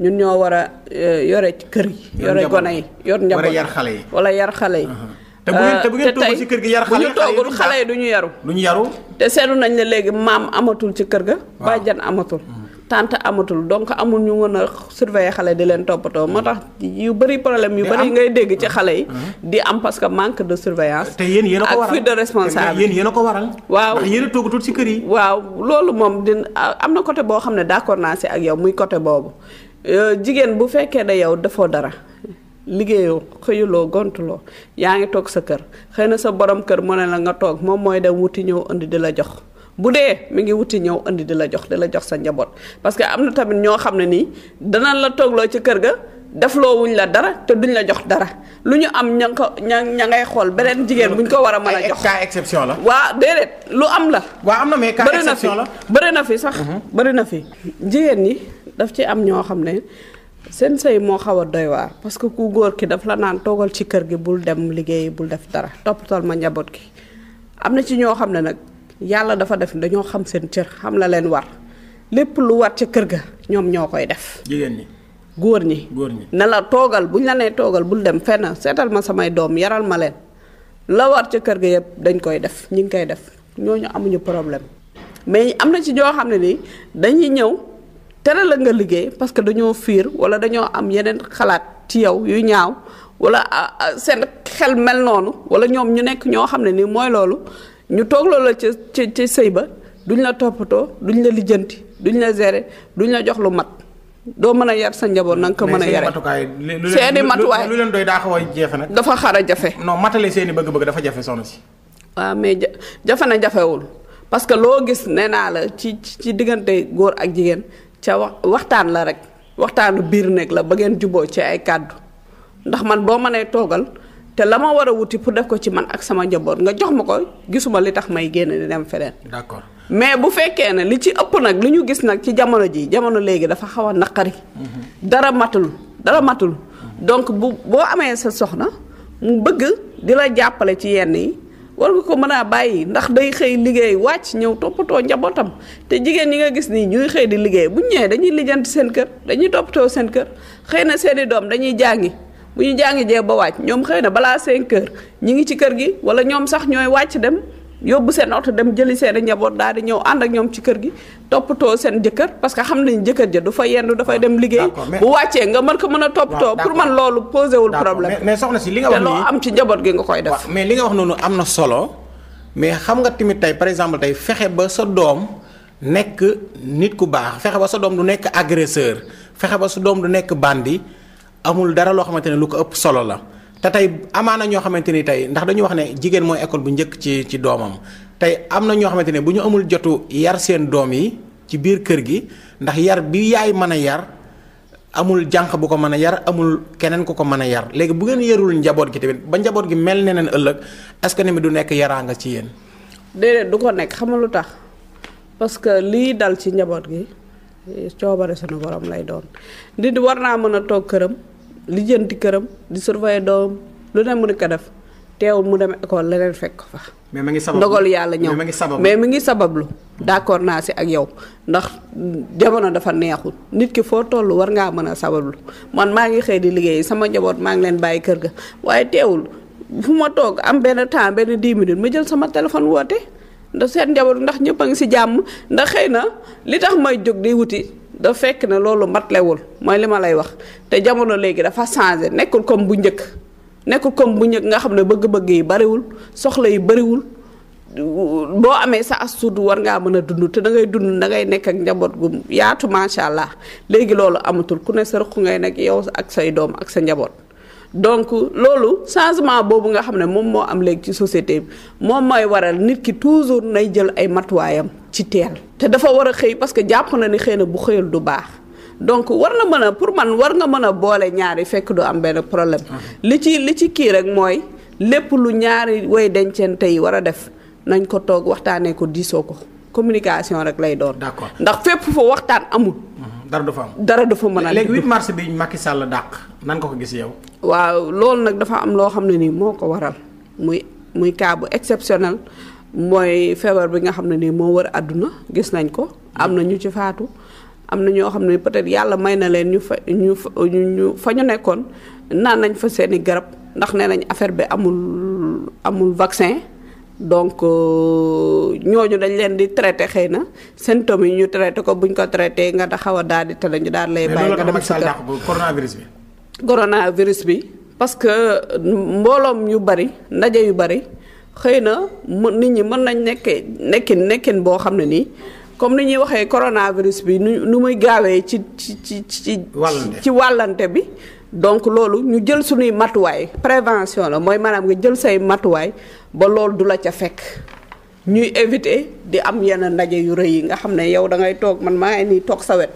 ñun ñoo war a ci e, kër yi. yore gone yi yor njaboot wala yar xale yi. wala yar xale yi. Uh-huh. te bu ngeen te uh, kër gi yar xale yi bu du ñu yaru. du ñu yaru. te seetlu nañ ne léegi maam amatul ci kër ga. bàjjan amatul. Mm-hmm. tante amatul donc amul ñu mën a surveiller xale di leen toppatoo moo tax yu bëri problème yu bëri ngay dégg ci mm-hmm. xale yi. Mm-hmm. di am parce que manque de surveillance. te yen yéen a ko waral ak fuite ko waral. waaw ndax yéen toogatul ci kër yi. waaw loolu moom dina am na côté boo xam ne d'accord naa si ak yow muy côté boobu Euh, jigéen bu fekkee ne yow defoo dara liggéeyoo xëyuloo gontuloo yaa ngi toog sa kër xëy na sa borom kër mu ne la nga toog moom mooy dem wuti ñëw indi di la jox bu dee mi ngi wuti ñëw indi di la jox di la jox sa njaboot parce que am na tamit ñoo xam ne nii danañ la toogloo ci kër ga def loo wuñ la dara te duñ la jox dara lu ñu am ña ko ña ña ngay xool beneen jigéen buñ ko war a mën a jox cas exception la. waa déedéet lu am la. waa am na mais cas la fi bëri na fi sax mhm. bëri na fi jigéen ñi. daf ci am ñoo xam ne seen sëy moo xaw a doy waar parce que ku góor ki daf la naan toogal ci kër gi bul dem liggéey bul def dara toppatool ma njaboot gi am na ci ñoo xam ne nag yàlla dafa def dañoo xam seen cër xam la leen war lépp lu war ca kër ga ñoom ñoo koy def. jigéen ñi góor ñi. góor ñi ne la toogal bu ñu toogal bul dem fenn seetal ma samay doom yaral ma leen la war ca kër ga yëpp dañ koy def ñu ngi koy def ñooñu amuñu problème mais am na ci ñoo xam ne ni dañuy ñëw. tere la nga liggéey parce que dañoo fiir wala dañoo am yeneen xalaat ci yow yu ñaaw wala ah, ah, seen xel mel noonu wala ñoom ñu nekk ñoo xam ne nii mooy loolu ñu toog loola ca ca ca sëy ba duñ la toppatoo duñ la lijjanti duñ la gérer duñ la jox lu mat doo mën a yar sa njaboot na nga ko mën a yare seeni matuwaay lu leen doy daa xaw a jafe nag dafa xar a jafe non matale seeni bëgg-bëgg dafa jafe soxna si waaw mais jafe na jafewul parce que loo gis nee naa la ci ci diggante góor ak jigéen ca wax waxtaan la rek waxtaanu biir néeg la ba ngeen juboo ci ay kàddu ndax man boo mënee toogal te la ma war a wuti pour def ko ci man ak sama njaboot nga jox ma ko gisuma li tax may génn di dem feneen. d'accord mais bu fekkee ne li ci ëpp nag li ñu gis nag ci jamono ji jamono léegi dafa xaw a naqari. Mm-hmm. dara matul dara matul. Mm-hmm. donc boo amee sa soxna mu bëgg di la jàppale ci yenn yi. war nga ko mën a bàyyi ndax day xëy liggéey wàcc ñëw toppatoo njabootam te jigéen ñi nga gis ni ñuy xëy di liggéey bu ñëwee dañuy lijjanti seen kër dañuy toppatoo seen kër xëy na seeni doom dañuy jàngi bu ñu jàngi jee ba wàcc ñoom xëy na balaa 5 heures ñi ngi ci kër gi wala ñoom sax ñooy wàcc dem yóbbu seen oto dem jëli seen njaboot daal di ñëw ànd ak ñoom ci kër gi topp too seen jëkkër parce que xam nañ jëkkër ja du fa yendu dafay dem liggéey bu wàccee nga mën ko mën a toppatoo pour man loolu posé wul problème mais soxna si li nga wax loo am ci njaboot gi nga koy def mais li nga wax noonu am na solo mais xam nga tamit tey par exemple tey fexe ba sa doom nekk nit ku baax fexe ba sa doom du nekk agresseur fexe ba su doom du nekk bandi amul dara loo xamante ne lu ko ëpp solo la te tey amaana ñoo xamante ni tey ndax dañu wax ne jigéen mooy école bu njëkk ci ci doomam tey am na ñoo xamante ne bu ñu amul jotu yar seen doom yi ci biir kër gi ndax yar bi yaay mën a yar amul jànq bu ko mën a yar amul keneen ku ko mën a yar léegi bu ngeen yarul njaboot gi tamit ba njaboot gi mel ne neen ëllëg est que ni mi du nekk yaraanga ci yéen. déedéet du ko nekk xamul lu tax parce que lii dal ci njaboot gi coobare sunu borom lay doon nit war naa mën a toog këram. lijjanti këram di surveiller doom lu ne mën ko def teewul mu dem école leneen fekk fa. mais ma ngi sabablu ndogal yàlla ñëw mais mi ngi sabablu. d'accord naa si ak yow ndax jamono dafa neexul nit ki foo toll war ngaa mën a sabablu man maa ngi xëy di liggéey sama njaboot maa ngi leen bàyyi kër ga waaye teewul fu ma toog am benn temps benn 10 minutes ma jël sama téléphone woote. ndax seet njaboot ndax ñëpp a ngi si jàmm ndax xëy na li tax may jóg di wuti da fekk ne loolu matlewul mooy li ma lay wax te jamono léegi dafa changé nekkul comme bu njëkk nekkul comme bu njëkk nga xam ne bëgg-bëgg yi bariwul soxla yi bariwul boo amee sa as tuut war ngaa mën a dund te da ngay dund da ngay nekk ak njaboot gu yaatu macha allah léegi loolu amatul ku ne sa rëq ngay nekk yow ak say doom ak sa njaboot. donc loolu changement boobu nga xam ne moom moo am léegi ci société moom mooy waral nit ki toujours nay jël ay matuwaayam ci teel te dafa war a xëy parce que jàpp na ni xëy na bu xëyul du baax donc war na mën a pour man war nga mën a boole ñaari fekk du am benn problème li ci li ci kii rek mooy lépp lu ñaari way dencente yi war a def nañ ko toog waxtaanee ko diisoo ko communication rek lay doon. d'accord ndax fépp fa waxtaan amul. dara du fa am dara du mën a. léegi 8 mars bi Macky Sall dàq nan nga ko waaw loolu nag dafa am loo xam ne nii moo ko waral muy muy kaabu bu exceptionnel mooy feebar bi nga xam ne nii moo wër àdduna gis nañ ko am na ñu ci faatu am na ñoo xam ne peut-être yàlla may na leen ñu fa ñu fa ñu fa ñu nekkoon naan nañ fa seeni garab ndax nee nañ affaire bi amul amul vaccin donc euh, ñooñu dañ leen di traité xëy na symptômes yi ñu traité ko buñ ko traité nga xaw a daal di te ñu daal lay bàyyi nga dem si kër coronavirus bi. coronavirus bi parce que mbooloom yu bari ndaje yu bari xëy na mu nit ñi mën nañ nekkee nekkin nekkin boo xam ne nii comme ni ñuy waxee coronavirus bi nu nu muy gaawee ci ci ci ci. ci wàllante bi. donc loolu ñu jël suñuy matuwaay prévention la mooy maanaam nga jël say matuwaay ba loolu du la ca fekk ñuy éviter di am yenn ndaje yu rëy yi nga xam ne yow da ngay toog man maa ngi nii toog sa wet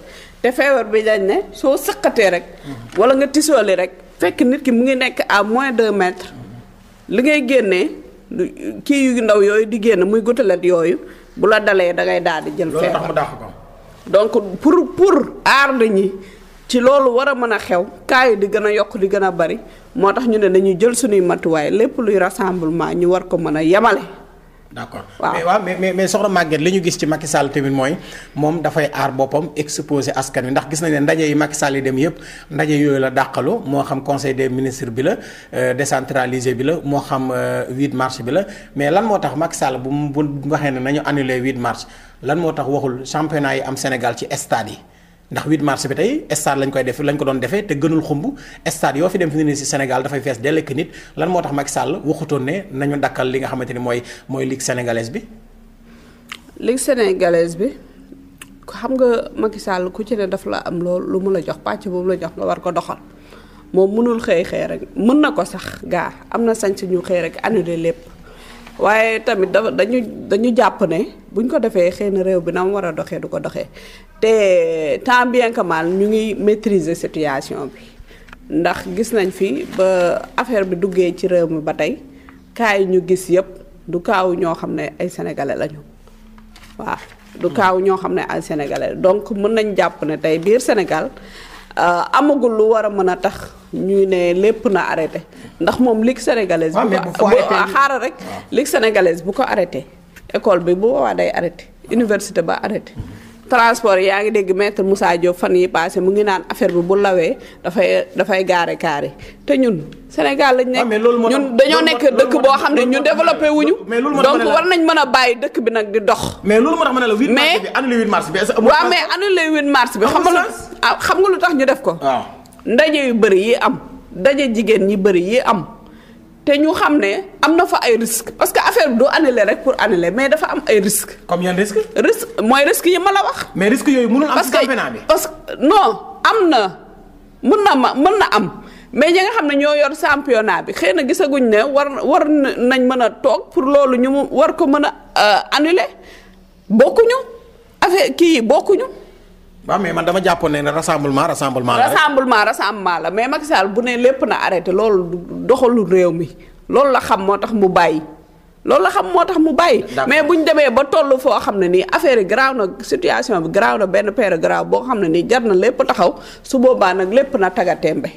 te feebar bi dañ ne soo sëqatee rek. wala nga tisooli rek. fekk nit ki mu ngi nekk à mois de deux li ngay génnee kii yu ndaw yooyu di génn muy gouttelette yooyu bu la dalee da ngay daal di jël. feebar loolu tax mu donc pour pour aar ñi ci loolu war a mën a xew cas di gën a yokk di gën a bari moo tax ñu ne dañuy jël suñuy matuwaay lépp luy rassemblement ñu war ko mën a yemale. d'accord mais waaw mais mais soxna Maguette li ñu gis ci Macky Sall tamit mooy moom dafay aar boppam exposé askan wi ndax gis nañ ne ndaje yi Macky Sall yi dem yëpp ndaje yooyu la dàqalu moo xam conseil des ministre bi la euh, décentralisé bi la moo xam 8 euh, mars bi la mais lan moo tax Macky Sall bu bu waxee ne nañu annulé 8 mars lan moo tax waxul championnat yi am Sénégal ci stade yi. ndax 8 mars bi tey stade lañ koy def lañ ko doon defee te gënul xumb stade yoo fi dem fi ne nii si Sénégal dafay fees dell ak nit lan moo tax Macky Sall waxutoon ne nañu dakkal li nga xamante ni mooy mooy ligue sénégalaise bi. ligue sénégalaise bi xam nga Macky Sall ku ci ne daf la am loolu lu mu la jox pàcc boobu la jox nga war ko doxal moom mënul xëy xëy rek mën na ko sax gaa am na sañ si ñu xëy rek annulé lépp. waaye tamit dafa dañu dañu jàpp ne buñ ko defee xëy réew bi na war a doxee du ko doxee te tant bien que mal ñu ngi maîtriser situation bi ndax gis nañ fi ba affaire bi duggee ci réew mi ba tey kaa yi ñu gis yëpp du kaaw ñoo xam ne ay sénégalais lañu waaw. du kaaw ñoo xam ne ay sénégalais donc mën nañ jàpp ne tey biir Sénégal euh, amagul lu war a mën a tax. ñu ne lépp na arrêté ndax moom ligue sénégalaise. Ah, bu ko ah, xaaral rek. Ah. ligue sénégalaise bu ko arrêté. école bi bu boobaa day arrêté université ba arrêté. transport yaa ngi dégg maître Moussa Diop fan yi passé mu ngi naan affaire bi bu lawee dafay dafay gaare kaare te ñun Sénégal lañ nekk ñun dañoo nekk dëkk boo xam ne ñu développé wuñu donc war nañ mën a bàyyi dëkk bi nag di dox mais loolu moo tax ma ne la 8 mars bi annulé 8 mars bi waaw mais annulé bi xam nga lu xam nga lu tax ñu def ko ndaje yu bëri yi am ndaje jigéen ñi bëri yi am te ñu xam ne am na fa ay risques parce que affaire bi doo annulé rek pour annulé mais dafa am ay risques. comme yan risques. mooy risques yi ma la wax. mais risques yooyu mënul am. ci championnat bi parce que am na mën na ma mën na am mais ñi nga xam ne ñoo yor championnat bi xëy na gisaguñ ne war war nañ mën a toog pour loolu ñu war ko mën a euh, annulé bokkuñu affaire kii yi bokkuñu. waaw mais man dama jàppoon ne rassemblement rassemblement la rassemblement rassemblement la mais Macky Sall bu ne lépp na arrêté loolu doxalu réew mi loolu la xam moo tax mu bàyyi. loolu la xam moo tax mu bàyyi. mais bu ñu demee ba toll foo xam ne nii affaire yi garaaw na situation bi garaaw na benn paire garaaw boo xam ne nii jar na lépp taxaw su boobaa nag lépp na tagatémbe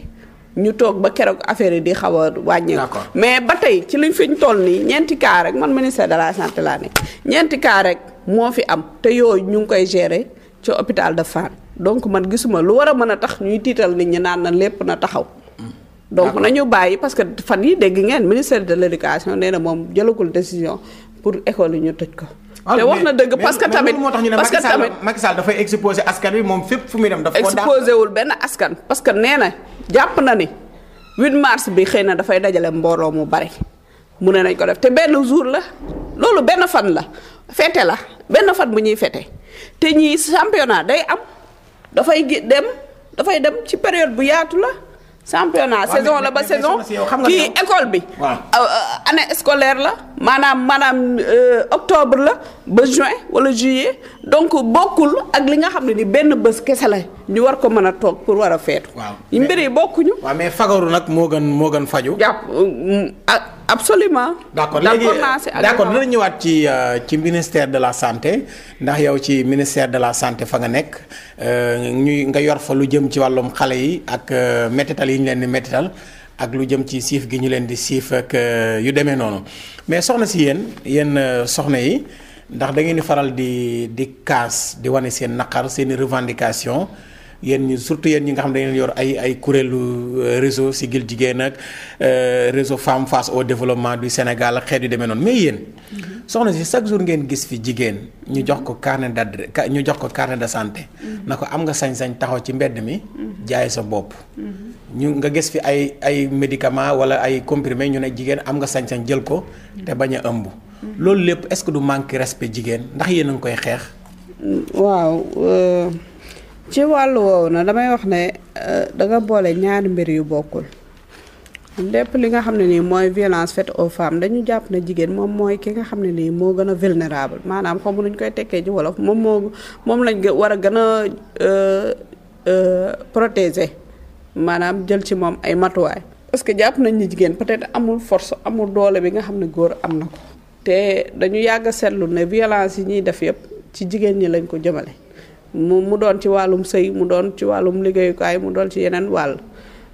ñu toog ba keroog affaire yi di xaw a wàññeeku. mais ba tey ci liñ fi ñu toll nii ñeenti cas rek man ministère de la santé laa nekk ñeenti cas rek moo fi am te yooyu ñu ngi koy gérer. ci hôpital de Fann donc man gisuma lu war a mën a tax ñuy tiital nit ñi naan na lépp na taxaw. donc nañu bàyyi parce que fan yi dégg ngeen ministère de l' éducation na moom jëlagul décision pour école yi ñu tëj ko. Ah, te wax na dëgg parce que tamit moo tax ñu ne Macky Sall Macky Sall dafay exposé askan bi moom fépp fu muy dem. dafa ko exposé wul benn askan parce que nee na jàpp na ni 8 mars bi xëy na dafay dajale mbooloo mu bari mu ne nañ ko def te benn jour la loolu benn fan la fete la benn fan bu ñuy fete. te ñii championnat day am dafay dem dafay dem ci période bu yaatu la. championnat saison la ba saison kii école bi. Euh, euh, année scolaire la maanaam maanaam euh, octobre la ba juin wala juillet donc bokkul ak li nga xam ne ni benn bés kese la ñu war ko mën a toog pour war a feetu. waaw mbir bokkuñu. waaw mais fagaru nag moo gën moo gën faju jàpp mm, ah, absolument d'accord léegi d'accord dina ñëwaat ci euh, ci ministère de la santé ndax yow ci ministère de la santé fa nga nekk euh, ñuy nga yor fa lu jëm ci wàllum xale yi ak euh, métital yi ñu leen di métital ak lu jëm ci siif gi ñu leen di siif ak yu demee noonu mais soxna si yéen yéen soxna yi ndax da ngeen di faral di di kaas di wane seen naqar seen i revendication yéen ñi surtout yéen ñi nga xam ne dañu yor ay ay kuréelu euh, réseau Siggil Jigéen ak euh, réseau fem fas au développement du Sénégal ak xeet yu demee noonu mais yéen. Mm-hmm. soxna si chaque jour ngeen gis fi jigéen ñu jox ko carnet d'adresse ñu jox ko carnet de santé. Mm-hmm. na ko am nga sañ-sañ taxaw ci mbedd mi. Mm-hmm. jaay sa bopp. ñu nga gis fi ay ay médicament wala ay comprimé ñu ne jigéen am nga sañ-sañ jël ko. te bañ a ëmb. loolu lépp est-ce que du manque respect jigéen ndax yéen a ngi koy xeex. waaw. Euh, ci wàllu woowu na damay wax ne euh, danga boole ñaari mbir yu bokkul lépp li nga xam ne nii mooy violence faite aux femmes dañu jàpp na jigéen moom ki nga xam ne nii moo gën a vulnérable maanaam xamu nuñ koy tekkee ci wolof moom moo moom lañ war a gën a euh, euh, protéger maanaam jël ci moom ay matuwaay. parce que jàpp nañ ni jigéen peut-être amul force amul doole bi nga xam ne góor am na ko. te dañu yàgg setlu ne violence yi ñuy def yépp ci jigéen ñi lañ ko jëmale. mu mu doon ci wàllum sëy mu doon ci wàllum liggéeyukaay mu doon ci yeneen wàll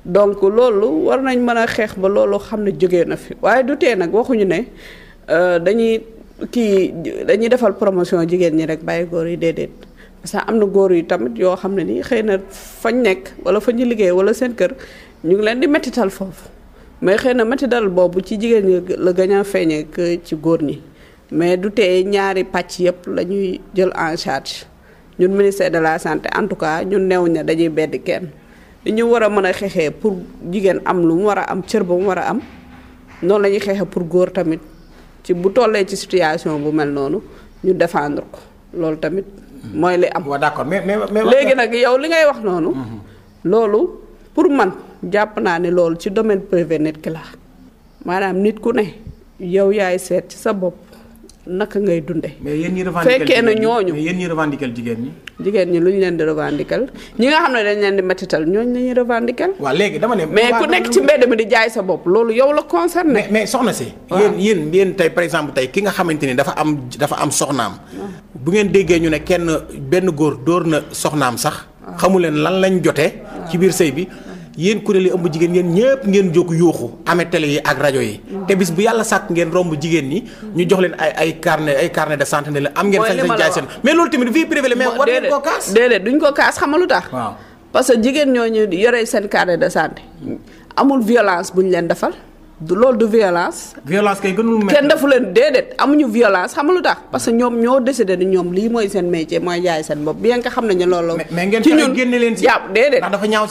donc loolu war nañ mën a xeex ba loolu xam ne jógee na fi waaye du tee nag waxuñu ne euh, dañuy kii dañuy defal promotion jigéen ñi rek bàyyi góor yi déedéet parce que am na góor yi tamit yoo xam ne nii xëy na fañ nekk wala fa ñu liggéey wala seen kër ñu ngi leen di mettital foofu mais xëy na mettital boobu ci jigéen ñi la gën a feeñee ci góor ñi mais du tee ñaari pàcc yëpp la jël en charge ñun ministère de la santé en tout cas ñun neew na dañuy bedd kenn ñu war a mën a xeexee pour jigéen am lu mu war a am cër ba mu war a am noonu la ñuy xeexee pour góor tamit ci bu tollee ci situation bu mel noonu ñu défendre ko loolu tamit mooy li am. waaw d'accord mais mais léegi nag yow li ngay wax noonu. Mhm. loolu pour man jàpp naa ne loolu ci domaine privé nit ki la maanaam nit ku ne yow yaay seet ci sa bopp. naka ngay dunde mais yéen ñi revendiquer fekkee na ñooñu mais yéen ñi revendiquer jigéen ñi. jigéen ñi lu ñu leen di revendiquer ñi nga xam ne dañ leen di matital ñooñu la ñuy revendiquer. waaw léegi dama ne. mais ku nekk ci mbedd mi di jaay sa bopp loolu yow la concerné. mais soxna si. waaw yéen yéen tey par exemple tey ki nga xamante ni dafa am dafa am soxnaam. bu ngeen déggee ñu ne kenn benn góor dóor na soxnaam sax. xamu leen lan lañ jotee. ci biir sëy bi. yéen kuréel yi ëmb jigéen yéen ñëpp ngeen jóg yuuxu amee télé yi ak rajo yi mm. te bis bu yàlla sàkk ngeen romb jigéen ñi mm. ñu jox leen ay ay carnet ay karne de santé ne la am ngeen sañ-sañ jaay seen mais loolu tamit vie privée la mais war ngeen koo kaas déedéet duñ ko kaas xam nga lu tax parce que jigéen ñooñu yore seen carnet de santé amul violence buñ leen defal loolu du violence. violence kay gënul kenn defu leen déedéet amuñu violence xam lu tax parce que ñoom ñoo décidé ñoom lii mooy seen métier mooy jaay seen bopp bien que xam nañu loolu. leen si yàpp déedéet. ndax dafa ñaaw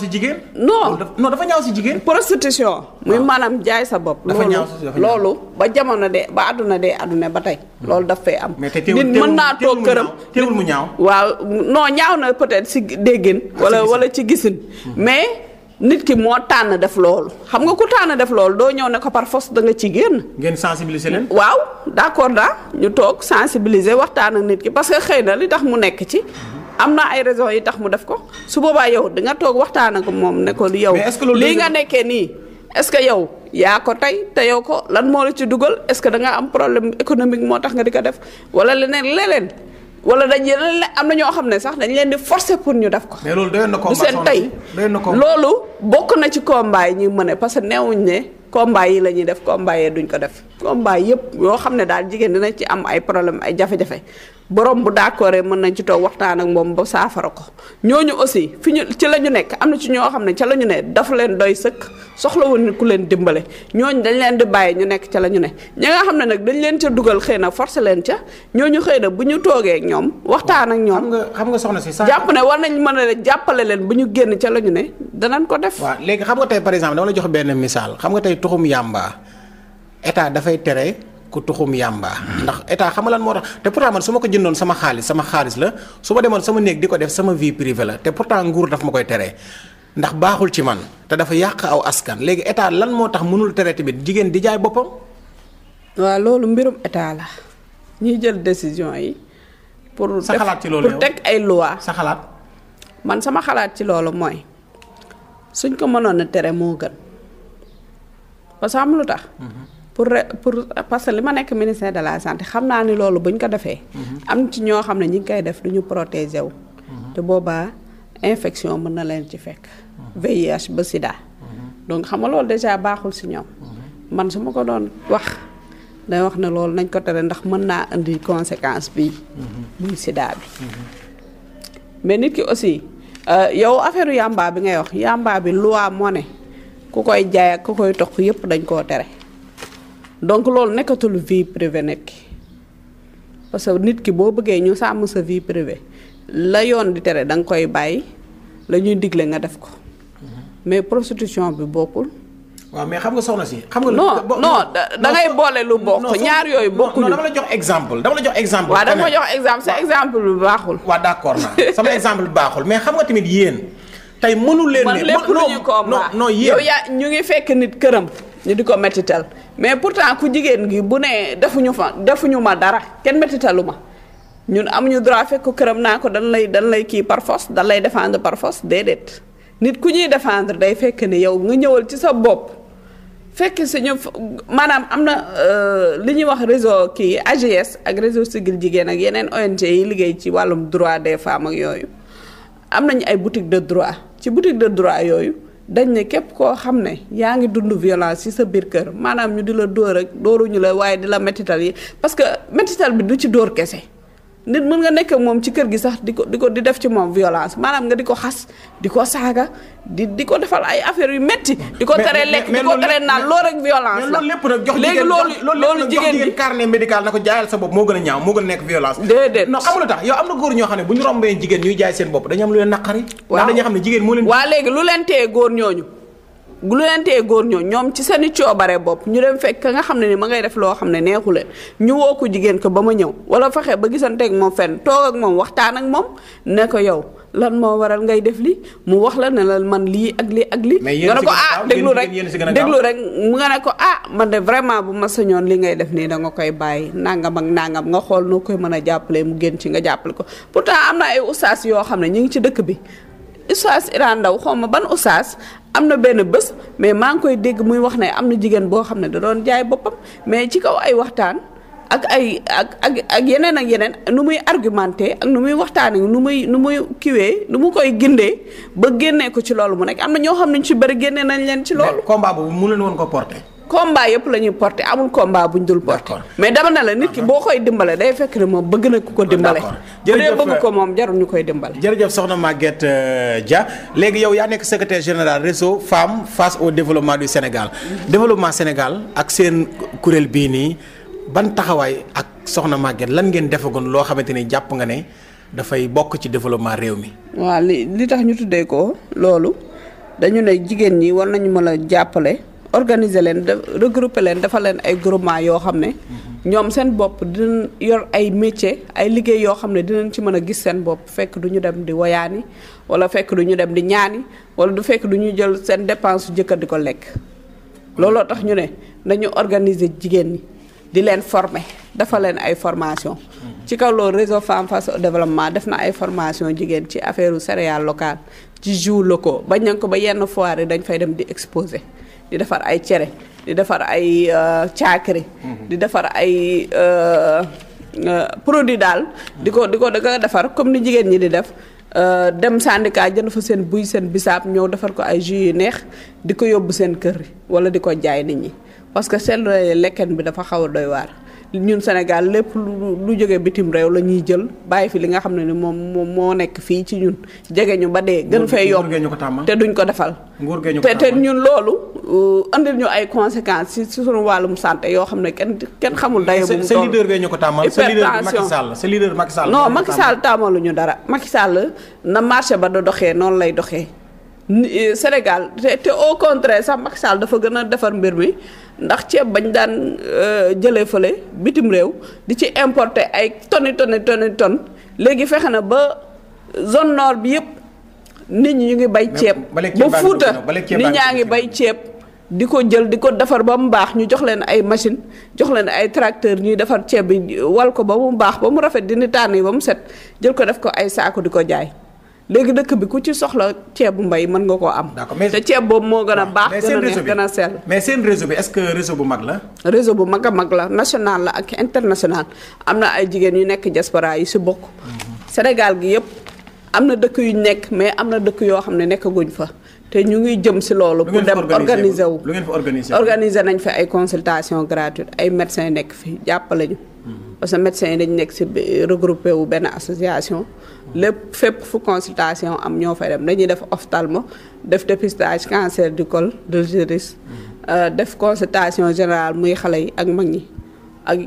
dafa ñaaw si jigéen. prostitution muy ah. maanaam jaay sa bopp. dafa ñaaw loolu ba jamono de ba adduna de àdduna ba tey. Hmm. loolu daf fay am. mais te teewul nit mën naa toog këram. teewul mu ñaaw waaw non ñaaw na peut-être si déggin. wala wala ci gisin hmm. mais nit ki moo tànn def loolu xam nga ku tànn def loolu doo ñëw ne ko par force da nga ci génn. ngeen sensibiliser leen. waaw d' accord daa ñu toog sensibiliser waxtaan nit ki parce que xëy na li tax mu nekk ci. am na ay raison yi tax mu def ko su boobaa yow di nga toog waxtaan ak moom ne ko yow. lii nga nekkee nii est ce que yow. yaa ko tey te yow ko lan moo la ci dugal est ce que da am problème économique moo tax nga di ko def wala leneen leneen. wala dañ leen am na ñoo xam ne sax dañ leen di forcer pour ñu def ko. mais loolu doyoon na combat du seen tey loolu bokk na ci combat yi ñuy mën parce que neewuñ ne combat yi la ñuy def combat yee duñ ko def. combat yëpp yoo xam ne daal jigéen dinañ ci am ay problème ay jafe-jafe borom bu d'accord mën nañ ci toog waxtaan ak moom ba saafara ko ñooñu aussi fi ñu ci la ñu nekk am na ci ñoo xam ne ca la ñu ne dafa leen doy sëkk soxlawoon ku leen dimbale ñooñu dañ leen di bàyyi ñu nekk ci la ñu ne ñi nga xam ne nag dañ leen ca dugal xëy na forcé leen ca ñooñu xëy na bu ñu toogee ñoom waxtaan ak ñoom. xam nga soxna si jàpp ne war nañ mën a jàppale leen bu ñu génn ca la ñu ne danañ ko def. léegi xam nga tey par exemple dama la jox benn misaal xam nga tey tuxum yàmba état dafay tere ku tuxum yàmba ndax état xam nga lan moo tax te pourtant man su ma ko jëndoon sama xaalis sama xaalis la su ma demoon sama néeg di ko def sama vie privée la te pourtant nguur daf ma koy tere ndax baaxul ci man te dafa yàq aw askan léegi état lan moo tax mënul tere tamit jigéen di jaay boppam. waaw loolu mbirum état la ñuy jël décision yi. pour sa ci loolu pour teg ay loi sa xalaat. man sama xalaat ci loolu mooy suñ ko mënoon a tere moo gën parce que lu tax. Mhm. pour pour parce que li ma nekk ministère de la santé xam naa ni loolu bañ ko defee. Mhm. am ci ñoo xam ne ñu ngi koy def du ñu protéger wu. Mhm. te boobaa infection mën na leen ci fekk. Mhm. VIH ba Sida. donc xam nga loolu déjà baaxul si ñoom. man su ma ko doon wax day wax ne loolu nañ ko tere ndax mën naa indi conséquence bi muy Sida bi. mais nit ki aussi euh, yow affaire yamba bi ngay wax yamba bi loi moo ne ku koy jaay ak ku koy toq yépp dañ koo tere. donc loolu nekkatul vie privée nekk parce que nit ki boo bëggee ñu sàmm sa vie privée la yoon di tere danga koy bàyyi la ñuy digle nga def ko mm-hmm. mais prostitution bi bokkul. waaw mais xam nga soxna si. xam nga non non da ngay boole lu bokk ñaar yooyu bokkuñu. non dama jox exemple dama la jox exemple. waaw dama jox exemple sa exemple bi baaxul. waa d'accord naa sama exemple bi baaxul mais xam nga tamit yéen. tey mënu leen ne lépp lu ñu ko non yow yaa ñu ngi fekk nit këram ñu di ko métital mais pourtant ku jigéen gi bu ne defuñu fa defuñu ma dara kenn métitalu ma ñun amuñu droit fekk këram naa ko dan lay dan lay kii par force dan lay défendre par force déedéet nit ku ñuy défendre day fekk ne yow nga ñëwal ci sa bopp fekk si ñu maanaam am na euh, li ñuy wax réseau kii AGS ak réseau Siggil Jigéen ak yeneen ONG yi liggéey ci wàllum droit des femmes ak yooyu am nañu ay boutique de droit ci boutique de droit yooyu dañ ne képp koo xam ne yaa ngi dund violence ci sa biir kër maanaam ñu di la dóor ak dóoruñu la waaye di la métital yi parce que métital bi du ci dóor kese nit mën nga nekk moom ci kër gi sax di ko di ko di def ci moom violence maanaam nga di ko xas di ko saaga di di ko defal ay affaires yu métti. di ko teree lekk di ko teree naan loolu rek violence la. jox jigéen loolu loolu jigéen bi carnet médical na ko jaayal sa bopp moo gën a ñaaw moo gën a nekk violence. déedéet non xam nga tax yow am na góor ñoo xam ne bu ñu rombee jigéen ñuy jaay seen bopp dañu am lu leen naqari. waaw ndax xam ne jigéen moo leen. waa léegi lu leen téye góor lu leen tee góor ñoo ñoom ci seen i coobare bopp ñu dem fekk nga xam ne ni ma ngay def loo xam ne neexu leen ñu woo ko jigéen ko ba ma ñëw wala faxe ba gisanteeg moom fen toog ak moom waxtaan ak moom ne ko yow lan moo waral ngay def li mu wax la ne la man lii ak lii ak lii nga ne ko ah déglu rek déglu rek mu nga ne ko ah man de vraiment bu ma sañoon li ngay def nii da nga koy bàyyi nangam ak nangam nga xool noo koy mën a jàppale mu génn ci nga jàppale ko pourtant am na ay ustaas yoo xam ne ñu ngi ci dëkk bi Oustaz Iran Ndao xaw ban oustaz am na benn bés mais maa ngi koy dégg muy wax ne am na jigéen boo xam ne da doon jaay boppam mais ci kaw ay waxtaan ak ay ak ak ak yeneen ak yeneen nu muy argumenté ak nu muy waxtaan yi nu muy nu muy kiwee nu mu koy gindee ba génnee ko ci loolu mu nekk am na ñoo xam ne ñu ci bëri génnee nañ leen ci loolu. combat boobu mënuleen woon ko porter. combat yëpp la ñuy porté amul combat buñ dul porté mais dama ne la nit ki ah, boo koy dimbale day fekk ne moom bëgg na ku ko dimbale bu dee bëgg ko euh, moom jarul ñu koy dimbale jërëjëf soxna Maguette ja euh, léegi yow yaa nekk secretaire général réseau femmes face au développement du Sénégal développement Sénégal ak seen kuréel bii nii ban taxawaay ak soxna Maguette lan ngeen defagoon loo xamante ni jàpp nga ne dafay bokk ci développement réew mi waaw li li tax ñu tuddee ko loolu dañu ne jigéen ñi war nañu mën a jàppale organiser leen de regrouper leen defal leen ay groupement yoo xam ne. ñoom seen bopp dinañ yor ay métier ay liggéey yoo xam ne dinañ ci mën a gis seen bopp fekk du ñu dem di woyaani wala fekk du ñu dem di ñaani wala du fekk du ñu jël seen dépense su jëkkër di ko lekk. looloo tax ñu ne nañu organiser jigéen ñi di leen former defal leen ay formation ci kaw loolu réseau Femme Face Développement def na ay formation jigéen ci affaire céréales locales ci jus locaux bañ nañ ko ba yenn foire dañ fay dem di exposer. di defar ay cere di defar ay euh, caakiri mhm. di defar ay euh, euh, produit daal di ko di ko da defar comme ni jigéen ñi di def dem syndicat jënd fa seen buy seen bisaab ñëw defar ko ay jus yu neex di ko yóbbu seen kër wala di ko jaay nit ñi parce que seen lekken bi dafa xaw a doy waar ñun Sénégal lépp lu lu jóge bitim réew la ñuy jël bàyyi fi li nga xam ne ni moom moom moo nekk fii ci ñun jege ñu ba dee. gën fee yomb te duñ ko defal. te te ñun loolu uh, andil ñu ay conséquences ci suñu wàllum santé yoo xam ne kenn kenn xamul. daye bu mu sa leader bee ñu ko tàmmal sa leader Macky Sall sa leader Macky Sall. non Macky Sall dara Macky Sall na marché ba da doxee noonu lay doxee. Eh, Sénégal te te au contraire sax Macky dafa gën a defar mbir mi ndax ceeb bañ daan euh, jëlee fële bitim réew di ci importer ay toni toni toni tonnes léegi fexe na ba zone nord bi yëpp nit ñu ngi bay ceeb ba fuuta nit ñaa ngi bay ceeb di ko jël di ko defar ba mu baax ñu jox leen ay machine jox leen ay tracteur ñuy defar ceeb bi wal ko ba mu baax ba mu rafet dini tànn yi ba mu set jël ko def ko ay saako di ko jaay léegi dëkk bi ku ci soxla ceebu mbay mën nga koo am. d'accord mais te ceeb boobu moo gën a baax. gën a neex mais seen réseau bi est-ce que bu mag la. réseau bu mag a mag la national la ak international am na ay jigéen yu nekk diaspora yi si bokk. Mhm. Sénégal gi yëpp am na dëkk yu nekk mais am na dëkk yoo xam ne nekkaguñ fa. te ñu ngi jëm si loolu. pour dem organiser wu lu ngeen nañ fi ay consultation gratuite ay médecins nekk fi jàppale ñu. Mm-hmm. parce que médecins yi dañu nekk si regroupé wu benn association. Mm-hmm. lépp fépp fu consultation am ñoo fay dem dañuy def ophtalmo def dépistage cancer du cole de l'utérus. Mm-hmm. Euh, def consultation générale muy xale yi ak mag ñi ak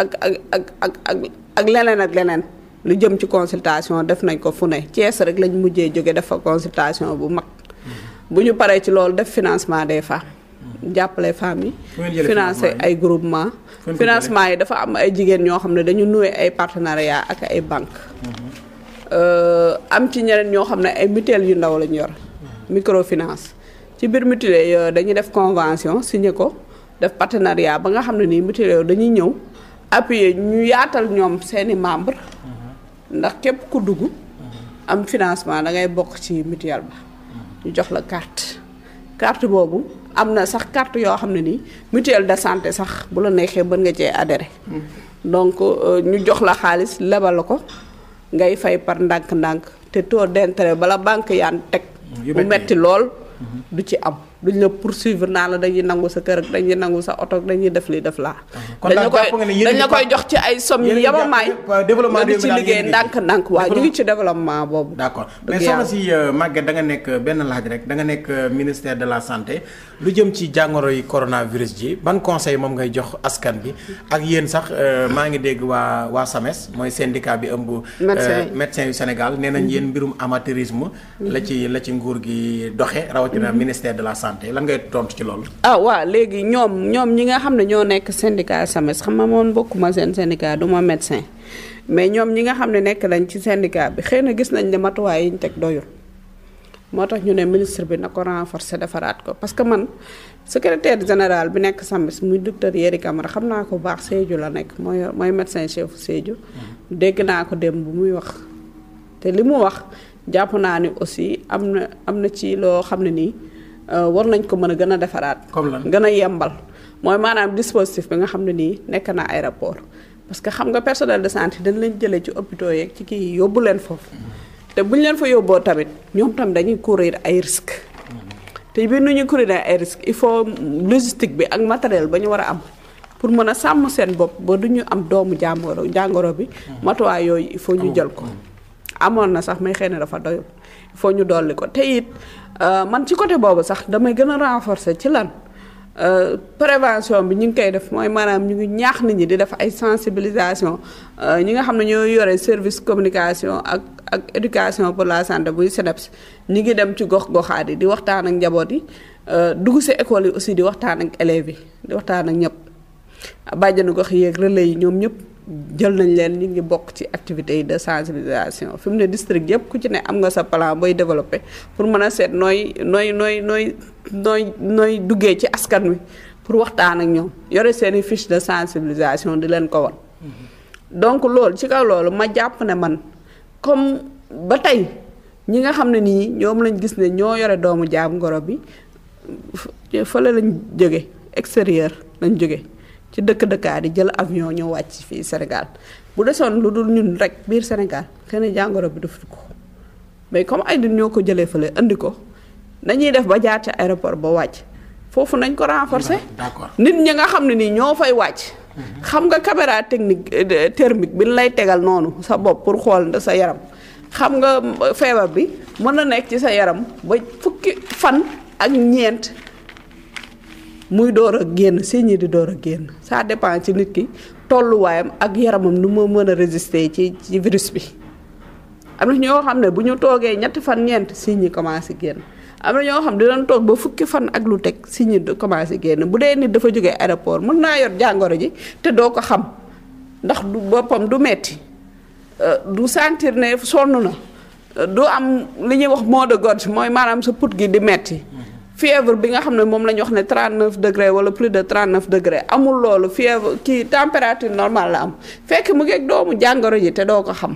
ak ak ak ak ak leneen ak leneen. lu jëm ci consultation def nañ ko fu ne Thiès rek lañ mujjee jóge def fa consultation bu mag bu ñu paree ci loolu def financement des femmes jàppale femmes yi financer ay groupement financement yi dafa am ay jigéen ñoo xam ne dañu nouer ay partenariat ak ay banque euh, am ci ñeneen ñoo xam ne ay mutuelle yu ndaw lañu yor mhm. microfinance ci biir mutuelle yooyu euh, dañuy def convention signé ko def partenariat ba nga xam ne nii mutuelle yooyu dañuy ñëw appuyer ñu yaatal ñoom seeni membre mhm. ndax képp ku dugg mhm. am financement da ngay bokk ci mutuelle ba ñu jox la carte carte boobu am na sax carte yoo xam ne nii mutuelle de santé sax bu la neexee mën nga cee adhéré. Mm-hmm. donc euh, ñu jox la xaalis lebal la ko ngay fay par ndànk-ndànk te taux d'intérêt bala banque yaan teg. bu metti lool mm-hmm. du ci am. duñ la poursuivre naa la dañuy nangu sa kër ak dañuy nangu sa oto ak dañuy def li def laa. Ah, kon dañ la koy dañ la koy jox ci ay somme yu yamamaay. développement réew mi ci liggéey ndànk-ndànk waaw ñu ngi ci développement boobu. d'accord mais soxna si euh, Maguette da nga nekk euh, benn laaj rek da nga nekk euh, ministère de la santé lu jëm ci jàngoro yi coronavirus ji ban conseil moom ngay jox askan bi ak yéen sax maa ngi dégg waa waa SAMES mooy syndicat bi ëmb. médecins yu Sénégal nee nañ mm-hmm. yéen mbirum amateurisme. la ci la ci nguur gi doxe rawatina mm-hmm. ministère de la santé santé lan ngay ci loolu. ah waaw léegi ñoom ñoom ñi nga xam ne ñoo nekk syndicat SAMES xam nga moom bokkuma seen syndicat du ma médecin mais ñoom ñi nga xam ne nekk nañ ci syndicat bi xëy na gis nañ ne matuwaay yi ñu teg doyul. moo tax ñu ne ministre bi na ko renforcer defaraat ko parce que man secretaire général bi nekk SAMES muy docteur Yeri Camara xam naa ko baax Sédhiou la nekk mooy mooy médecin chef Sédhiou. Mm-hmm. dégg naa ko dem bu muy wax. te li mu wax jàpp naa ni aussi am na am na ci loo xam ne nii Euh, war nañ ko mën a gën a defaraat. comme lan gën a yembal mooy maanaam dispositif bi nga xam ne nii nekk na aéroport. parce que xam nga personnel de santé dana leen jëlee ci hôpitaux yeeg ci kii yóbbu leen foofu te bu ñu leen fa yóbboo tamit ñoom tamit dañuy courir ay risques te biir nu ñuy courir ay risques il faut logistique bi ak matériel ba ñu war a am pour mën a sàmm seen bopp ba du ñu am doomu jàngoro jàngoro bi hmm. matuwaay yooyu il faut ñu jël ko amoon na sax may xëy na dafa doyul il ñu dolli ko te Euh, man ci côté boobu sax damay gën a renforcer ci lan euh, prévention bi ñu ngi koy def mooy maanaam ñu ngi ñaax nit ñi di def ay sensibilisation euh, ñi nga xam ne ñoo yore service communication ak ak éducation pour la santé buy SNEIPS ñi ngi dem ci gox-goxaat yi di waxtaan ak njaboot yi dugg si école yi aussi di waxtaan ak élèves yi di waxtaan ak ñëpp bàjjenu gox yeeg relais yi ñoom ñëpp. jël nañ leen nit ñi bokk ci activité de sensibilisation fi mu ne district yëpp ku ci ne am nga sa plan booy développé pour mën a seet nooy nooy nooy nooy nooy nooy duggee ci askan wi pour waxtaan ak ñoom yore seen i fiche de sensibilisation di leen ko won mhm. donc loolu ci kaw loolu ma jàpp ne man comme ba tey ñi nga xam ne nii ñoom lañ gis ne ñoo yore doomu jaam ngoro bi fële lañ jóge extérieur lañ jóge ci dëkk-dëkkaat yi jël avion ñëw wàcc fii Sénégal bu desoon lu dul ñun rek biir Sénégal xëy jàngoro bi daf ko mais comme ay nit ñoo ko jëlee fële andi ko nañuy def ba jaar ci aéroport ba wàcc foofu nañ ko renforcer. nit ñi nga xam ne nii ñoo fay wàcc. Mhm. xam nga caméra technique euh, euh, thermique bi lay tegal noonu sa bopp pour xool sa yaram xam nga euh, feebar bi mën na nekk ci sa yaram ba fukki fan ak ñeent. muy door a génn signe yi di door a génn saa dépend ci nit ki tolluwaayam ak yaramam nu ma mën a résister ci ci virus bi. am na ñoo xam ne bu ñu toogee ñetti fan ñeent signe yi commencé génn am na ñoo xam ne dinañ toog ba fukki fan ak lu teg signe yi commencé génn bu dee nit dafa jógee aéroport mën naa yor jàngoro ji te doo ko xam ndax du boppam du metti euh, du sentir ne sonn na euh, du am li ñuy wax mot de gorge mooy maanaam sa put gi di metti fièvre bi nga xam ne moom la ñu wax ne 39 degré wala plus de 39 degré amul loolu fièvre kii température normale la am fekk mu ngeeg doomu jàngoro ji te doo ko xam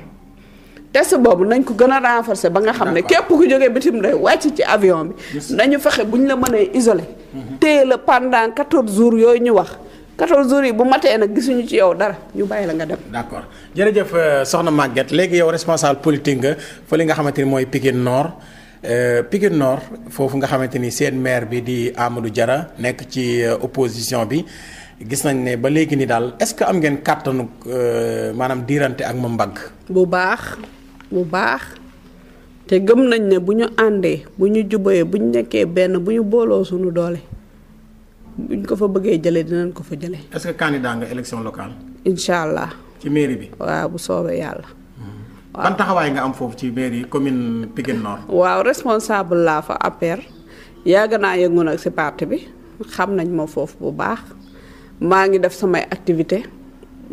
test boobu nañ ko gën a renforcer ba nga xam ne képp ku jógee bitim réew wàcc ci avion bi nañu fexe bu ñu la mënee isolé mhm. téye la pendant 14 jours yooyu ñu wax 14 jours yi bu matee nag gisuñu ci yow dara ñu bàyyi la nga dem. d'accord jërëjëf euh, soxna Maguette léegi yow responsable politique nga fa li nga xamante ni mooy Pikine Nord. Euh, Pikine Nord foofu nga xamante ni seen maire bi di Amadou jara nekk ci euh, opposition bi gis nañ ne ba léegi ni daal est-ce que am ngeen kàttanu euh, maanaam diirante ak ma mbagg. bu baax bu baax te gëm nañ ne bu ñu àndee bu ñu jubbooyee bu ñu nekkee benn bu ñu booloo sunu doole buñ ko fa bëggee jëlee dinañ ko fa jëlee. est-ce que nga élection locale. incha allah. ci mairie bi. waaw bu soobee yàlla. ban taxawaay nga am foofu ci mairie commune Pikine Nord. waaw responsable laa fa APR yàgg naa yëngu nag si parti bi xam nañ ma foofu bu baax maa ngi def samay activité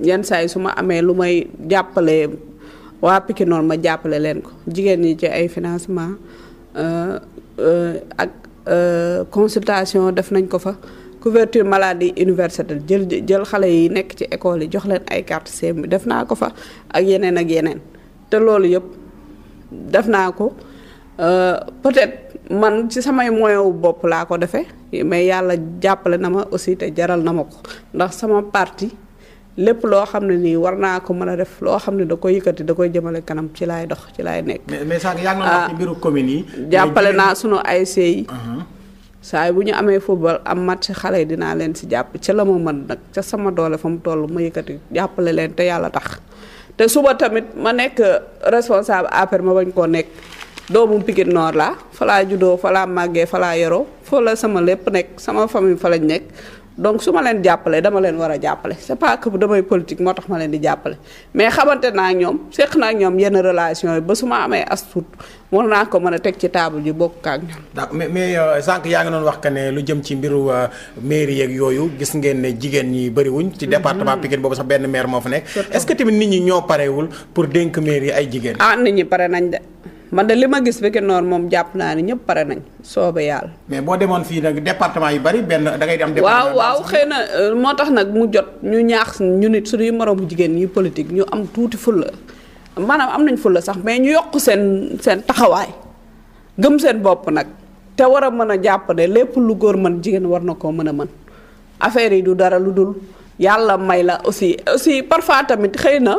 yenn saa yi su ma amee lu may jàppale waa Pikine Nord ma jàppale leen ko jigéen ñi ci ay financement euh, euh, ak euh, consultation def nañ ko fa couverture maladie universelle jël jël xale yi nekk ci école yi jox leen ay carte CM def naa ko fa ak yeneen ak yeneen. te loolu yëpp def naa ko euh, peut-être man ci samay moyen wu bopp laa ko defee mais yàlla jàppale na ma aussi te jaral na ma ko ndax sama parti lépp loo xam ne nii war naa ko mën a def loo xam ne da koy yëkkati da koy jëmale kanam ci laay dox ci laay nekk. mais mais sànq yaa ngi ah, mbiru commune yi. jàppale naa sunu ASC yi. Uh-huh. saay bu ñu amee football am matt xale yi dinaa leen si jàpp ca la ma mën nag ca sama doole fa mu toll ma yëkkati jàppale leen te yàlla tax. te suba tamit ma nekk responsable affaire ma bañ koo nekk doomu Pikine Nord la fa laa juddoo fa laa màggee fa laa yoroo fa la sama lépp nekk sama famille fa lañ nekk donc su ma leen jàppalee dama leen war a jàppale c'est pas que damay politique moo tax ma leen di jàppale mais xamante naa ñoom seq naa ñoom yenn relation yi ba su ma amee as tuut war naa ko mën a teg ci table ji bokk ak ñoom. mais mais euh, sànq yaa ngi doon wax que ne lu jëm ci mbiru euh, mairie yeeg yooyu gis ngeen ne jigéen ñi bariwuñ ci mhm. département Pikine boobu sax benn maire moo fa nekk. est-ce que tamit nit ñi ñoo parewul pour dénk mairie ay jigéen. ah nit ñi pare nañ de. man de li ma gis Mbacke Nord moom jàpp naa ne ñëpp pare nañ soobe yàlla. mais boo demoon fii nag département yu bari benn da ngay am. département waaw waaw xëy na euh, moo tax nag mu jot ñu ñaax ñu nit suñuy moroomu jigéen ñi politique ñu am tuuti fulla maanaam am nañ fulla sax mais ñu yokk seen seen taxawaay gëm seen bopp nag te war a mën a jàpp ne lépp lu góor mën jigéen war na koo mën a mën affaire yi du dara lu dul yàlla may la aussi aussi parfois tamit xëy na.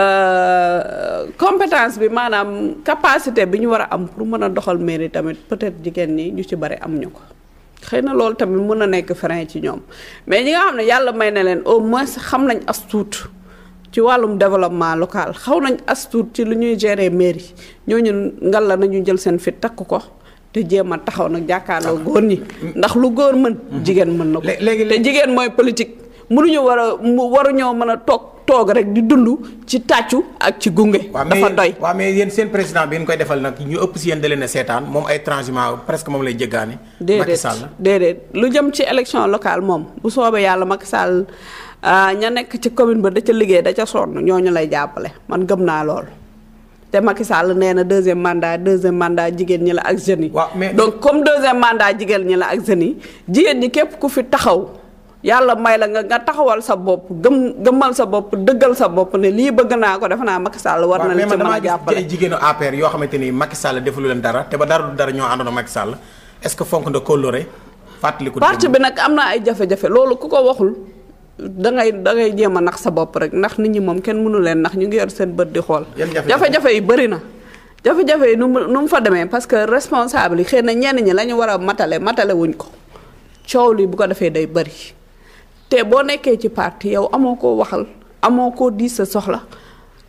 Euh, compétence bi maanaam capacité bi ñu war a am pour mën a doxal mairie tamit peut jigéen ñi ñu ci bari am ñu ko xëy na loolu tamit mën a nekk frein ci ñoom mais ñi nga xam ne yàlla may na leen au moins xam nañ as tuut ci wàllum développement local xaw nañ as tuut ci lu ñuy gérer mairie ñooñu ngal la ñu jël seen fit takk ko te jéem a taxaw nag jàkkaarloo góor ñi ndax lu góor mën jigéen mën na ko te jigéen mooy politique mënuñu war a mu waruñoo mën a toog toog rek di dund ci tàccu ak ci gunge. dafa doy waaw mais yéen seen président bi ngeen koy defal nag ñu ëpp si yéen leen seetaan moom ay presque moom lay jéggaane. Macky Sall déedéet lu jëm ci élection local moom bu soobee yàlla Macky Sall ah, ña nekk ci commune ba da ca liggéey da ca sonn ñooñu lay jàppale man gëm naa lool. te Macky Sall nee na deuxième mandat deuxième mandat jigéen ñi la ak jeunes yi. donc comme deuxième mandat jigéen ñi la ak jeunes yi jigéen ñi képp ku fi taxaw. yàlla may la nga nga taxawal sa bopp gëm gëmal sa bopp dëggal sa bopp ne lii bëgg naa ko defe naa Macky Sall war na la ci mën a jàppale ay jigéenu xamante ni Macky Sall defalu leen dara te ba dara du dara ak Macky Sall est-ce que na kóllëre fàttaliku parti bi nag am naa ay jafe-jafe loolu ku ko waxul dangay dangay jéem a nax sa bopp rek ndax nit ñi moom kenn mënu leen ndax ñu ngi yor seen bët di xool jafe-jafe yi bëri na jafe-jafe yi nu mu nu mu fa demee parce que responsable yi xëy na ñenn ñi la ñu war a matale matale wuñ ko coow lii bu ko defee day bëri te boo nekkee ci parti yow amoo koo waxal amoo koo diis sa soxla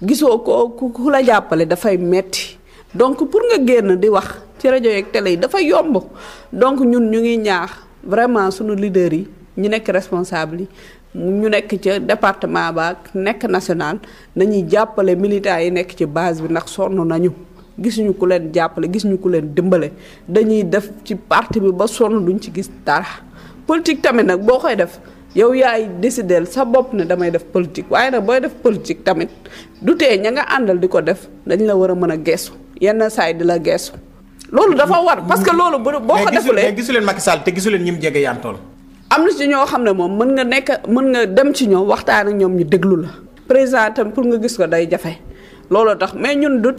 gisoo ko ku la jàppale dafay metti donc pour nga génn di wax ci rajo yeeg tele yi dafa yomb donc ñun ñu ngi ñaax vraiment suñu leader yi ñu nekk responsable yi ñu nekk ca département ba nekk national nañuy jàppale militants yi nekk ci base bi ndax sonn nañu gisuñu ko leen jàppale gisuñu ko leen dimbale dañuy def ci parti bi ba sonn duñ ci gis dara politique tamit nag boo koy def yow yaay décider sa bopp ne damay def politique waaye nag booy def politique tamit du tee ña nga àndal di ko def dañ la war a mën a geesu yenn saa yi di la geesu. loolu dafa war parce que loolu. boo ko defulee mais leen Macky Sall te gisu leen ñi mu jege yantool am na ñoo xam ne moom mën nga nekk mën nga dem ci ñoom waxtaan ak ñoom ñu déglu la président tam pour nga gis ko day jafe loolu tax mais ñun du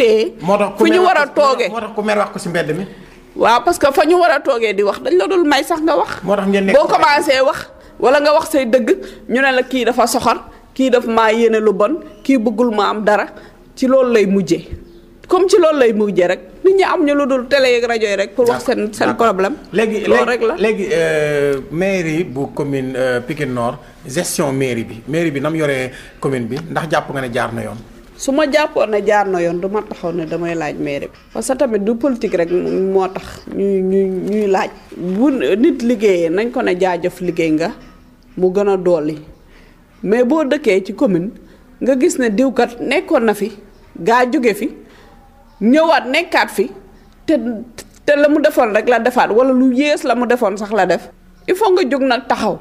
moo tax ku mer ñu war a toogee moo tax wax ko si mbedd mi. waaw parce que fa ñu war a toogee di wax dañ la dul may sax nga wax. moo tax ngeen nekk boo commencé wax. wala nga wax say dëgg ñu ne la kii dafa soxor kii dafa maa yéene lu bon kii bëggul ma am dara ci loolu lay mujjee comme ci loolu lay mujjee rek nit ñi am ñu lu dul tele yeeg rajo yi rek. pour wax seen seen problème. léegi loolu rek la léegi euh, mairie bu commune euh, Pikine Nord gestion mairie bi mairie bi nam yore commune bi ndax jàpp nga ne jaar na yoon. su ma jàppoon ne jaar na yoon du ma taxaw ne damay laaj mairie bi parce que tamit du politique rek moo tax ñuy ñuy ñuy laaj wu nit liggéeyee nañ ko ne jaajëf liggéey nga mu gën a dolli mais boo dëkkee ci commune nga gis ne diwkat nekkoon na fi gaa jóge fi ñëwaat nekkaat fi te te la mu defoon rek la defaat wala lu yées la mu defoon sax la def il faut nga jóg nag taxaw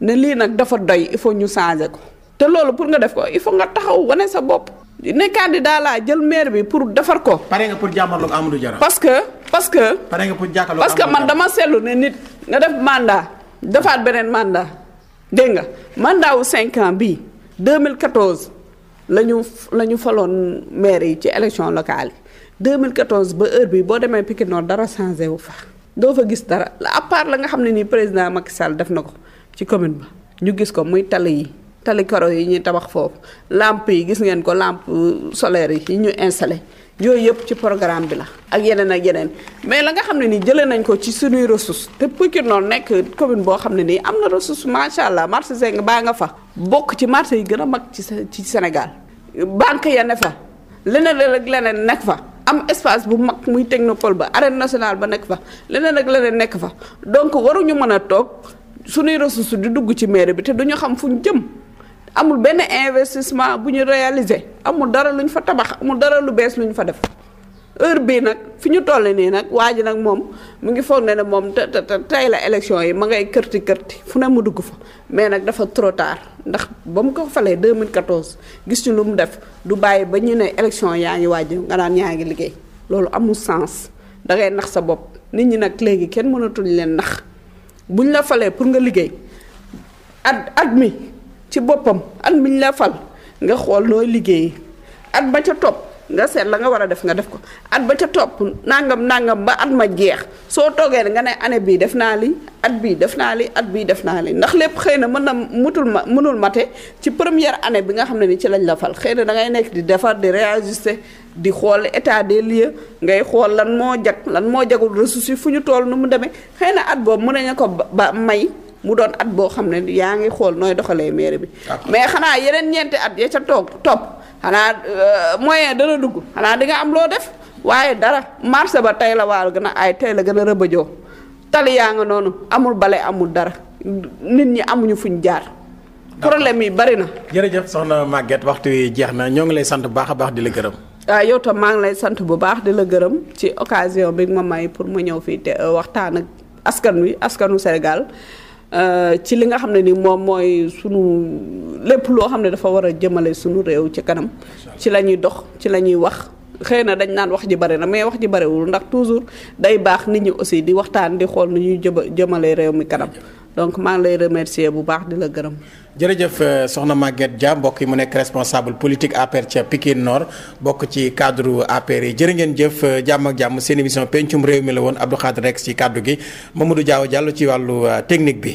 ne lii nag dafa doy il faut ñu changer ko te loolu pour nga def ko il faut nga taxaw wane sa bopp ne candidat laa jël maire bi pour defar ko. pare nga pour jàmmarloog Amadou Diarra. parce que parce que. pare nga pour jàkkaarloog parce que man dama seetlu ne nit nga def mandat defaat beneen mandat dégg nga mandat wu 5 ans bii 2014 la ñu la ñu faloon maire yi ci élection locale yi 2014 ba heure bi boo demee Pikine Nord dara changé wu fa. doo fa gis dara à part la nga xam ne nii président Macky Sall def na ko ci commune ba ñu gis ko muy tali yi. tali karo yi ñuy tabax foofu làmp yi gis ngeen ko làmp solaire yi yi ñu installé yooyu yëpp ci programme bi la ak yeneen ak yeneen mais la nga xam ne nii jëlee nañ ko ci suñuy ressource te Pikine noonu nekk commune boo xam ne nii am na ressource macha allah marché Zeng baa nga fa bokk ci marché yi gën a mag ci ci Sénégal banque ya ne fa leneen ak leneen nekk fa am espace bu mag muy technopole ba arène nationale ba nekk fa leneen ak leneen nekk fa donc waruñu mën a toog suñuy ressource di dugg ci mairie bi te duñu xam fu jëm amul benn investissement bu ñu réaliser amul dara lu ñu fa tabax amul dara lu bees lu ñu fa def heure bii nag fi ñu toll nii nag waa ji nag moom mu ngi foog ne ne moom te te tey la élection yi ma ngay kërti kërti fu ne mu dugg fa mais nag dafa trop tard ndax ba mu ko falee 2014 gis ñu lu mu def du bàyyi ba ñu ne élection yaa ngi waaj nga naan yaa ngi liggéey loolu amul sens dangay ngay nax sa bopp nit ñi nag léegi kenn mënatul leen nax buñ la falee pour nga liggéey at at mi. ci boppam at miñ la fal nga xool nooy liggéey at ba ca topp nga seet la nga war a def nga def ko at ba ca topp nangam nangam ba at ma jeex soo toogee nga ne année bii def naa li at bii def naa li at bii def naa li ndax lépp xëy na mën na mutul ma mënul mate ci première année bi nga xam ne ni ci lañ la fal xëy na dangay nekk di defar di réajuster di xool état des lieux ngay xool lan moo jag lan moo jagul ressources si fu ñu tool nu mu demee xëy na at boobu mën nañu ko ba may. mu doon at boo xam ne yaa ngi xool nooy doxalee mairie bi. mais xanaa yeneen ñeenti at ya ca toog topp xanaa euh, moyen dana dugg xanaa di nga am loo def waaye dara marché ba tey la waar gën a ay tey la gën a rëbëjoo tali yaa nga noonu amul bale amul dara nit ñi amuñu fuñ jaar. problème yi bari na. jërëjëf soxna Maguette waxtu yi jeex na ñoo ngi lay sant bu baax a baax di la gërëm. waaw yow tam maa ngi lay sant bu baax di la gërëm ci occasion bi ma may pour ma ñëw fii te euh, waxtaan ak askan wi askanu Sénégal. Euh, ci li nga xam ne ni moom mooy sunu lépp loo xam ne dafa war a jëmale sunu réew ci kanam ci la ñuy dox ci la ñuy wax xëy na dañ naan wax ji bare na mais wax ji barewul ndax toujours day baax nit ñi aussi di waxtaan di xool nu ñuy jëba jëmale réew mi kanam donc maa ngi lay remercier bu baax di la gërëm. jërëjëf euh, soxna Maguette Dia yi mu nekk responsable politique APR ca Pikine Nord bokk ci cadre APR yi jërë ngeen jëf euh, jàmm ak jàmm seen émission pencum réew mi la woon Abdou Khadre Rex ci kaddu gi Mamadou Diaw Diallo ci wàllu technique bi.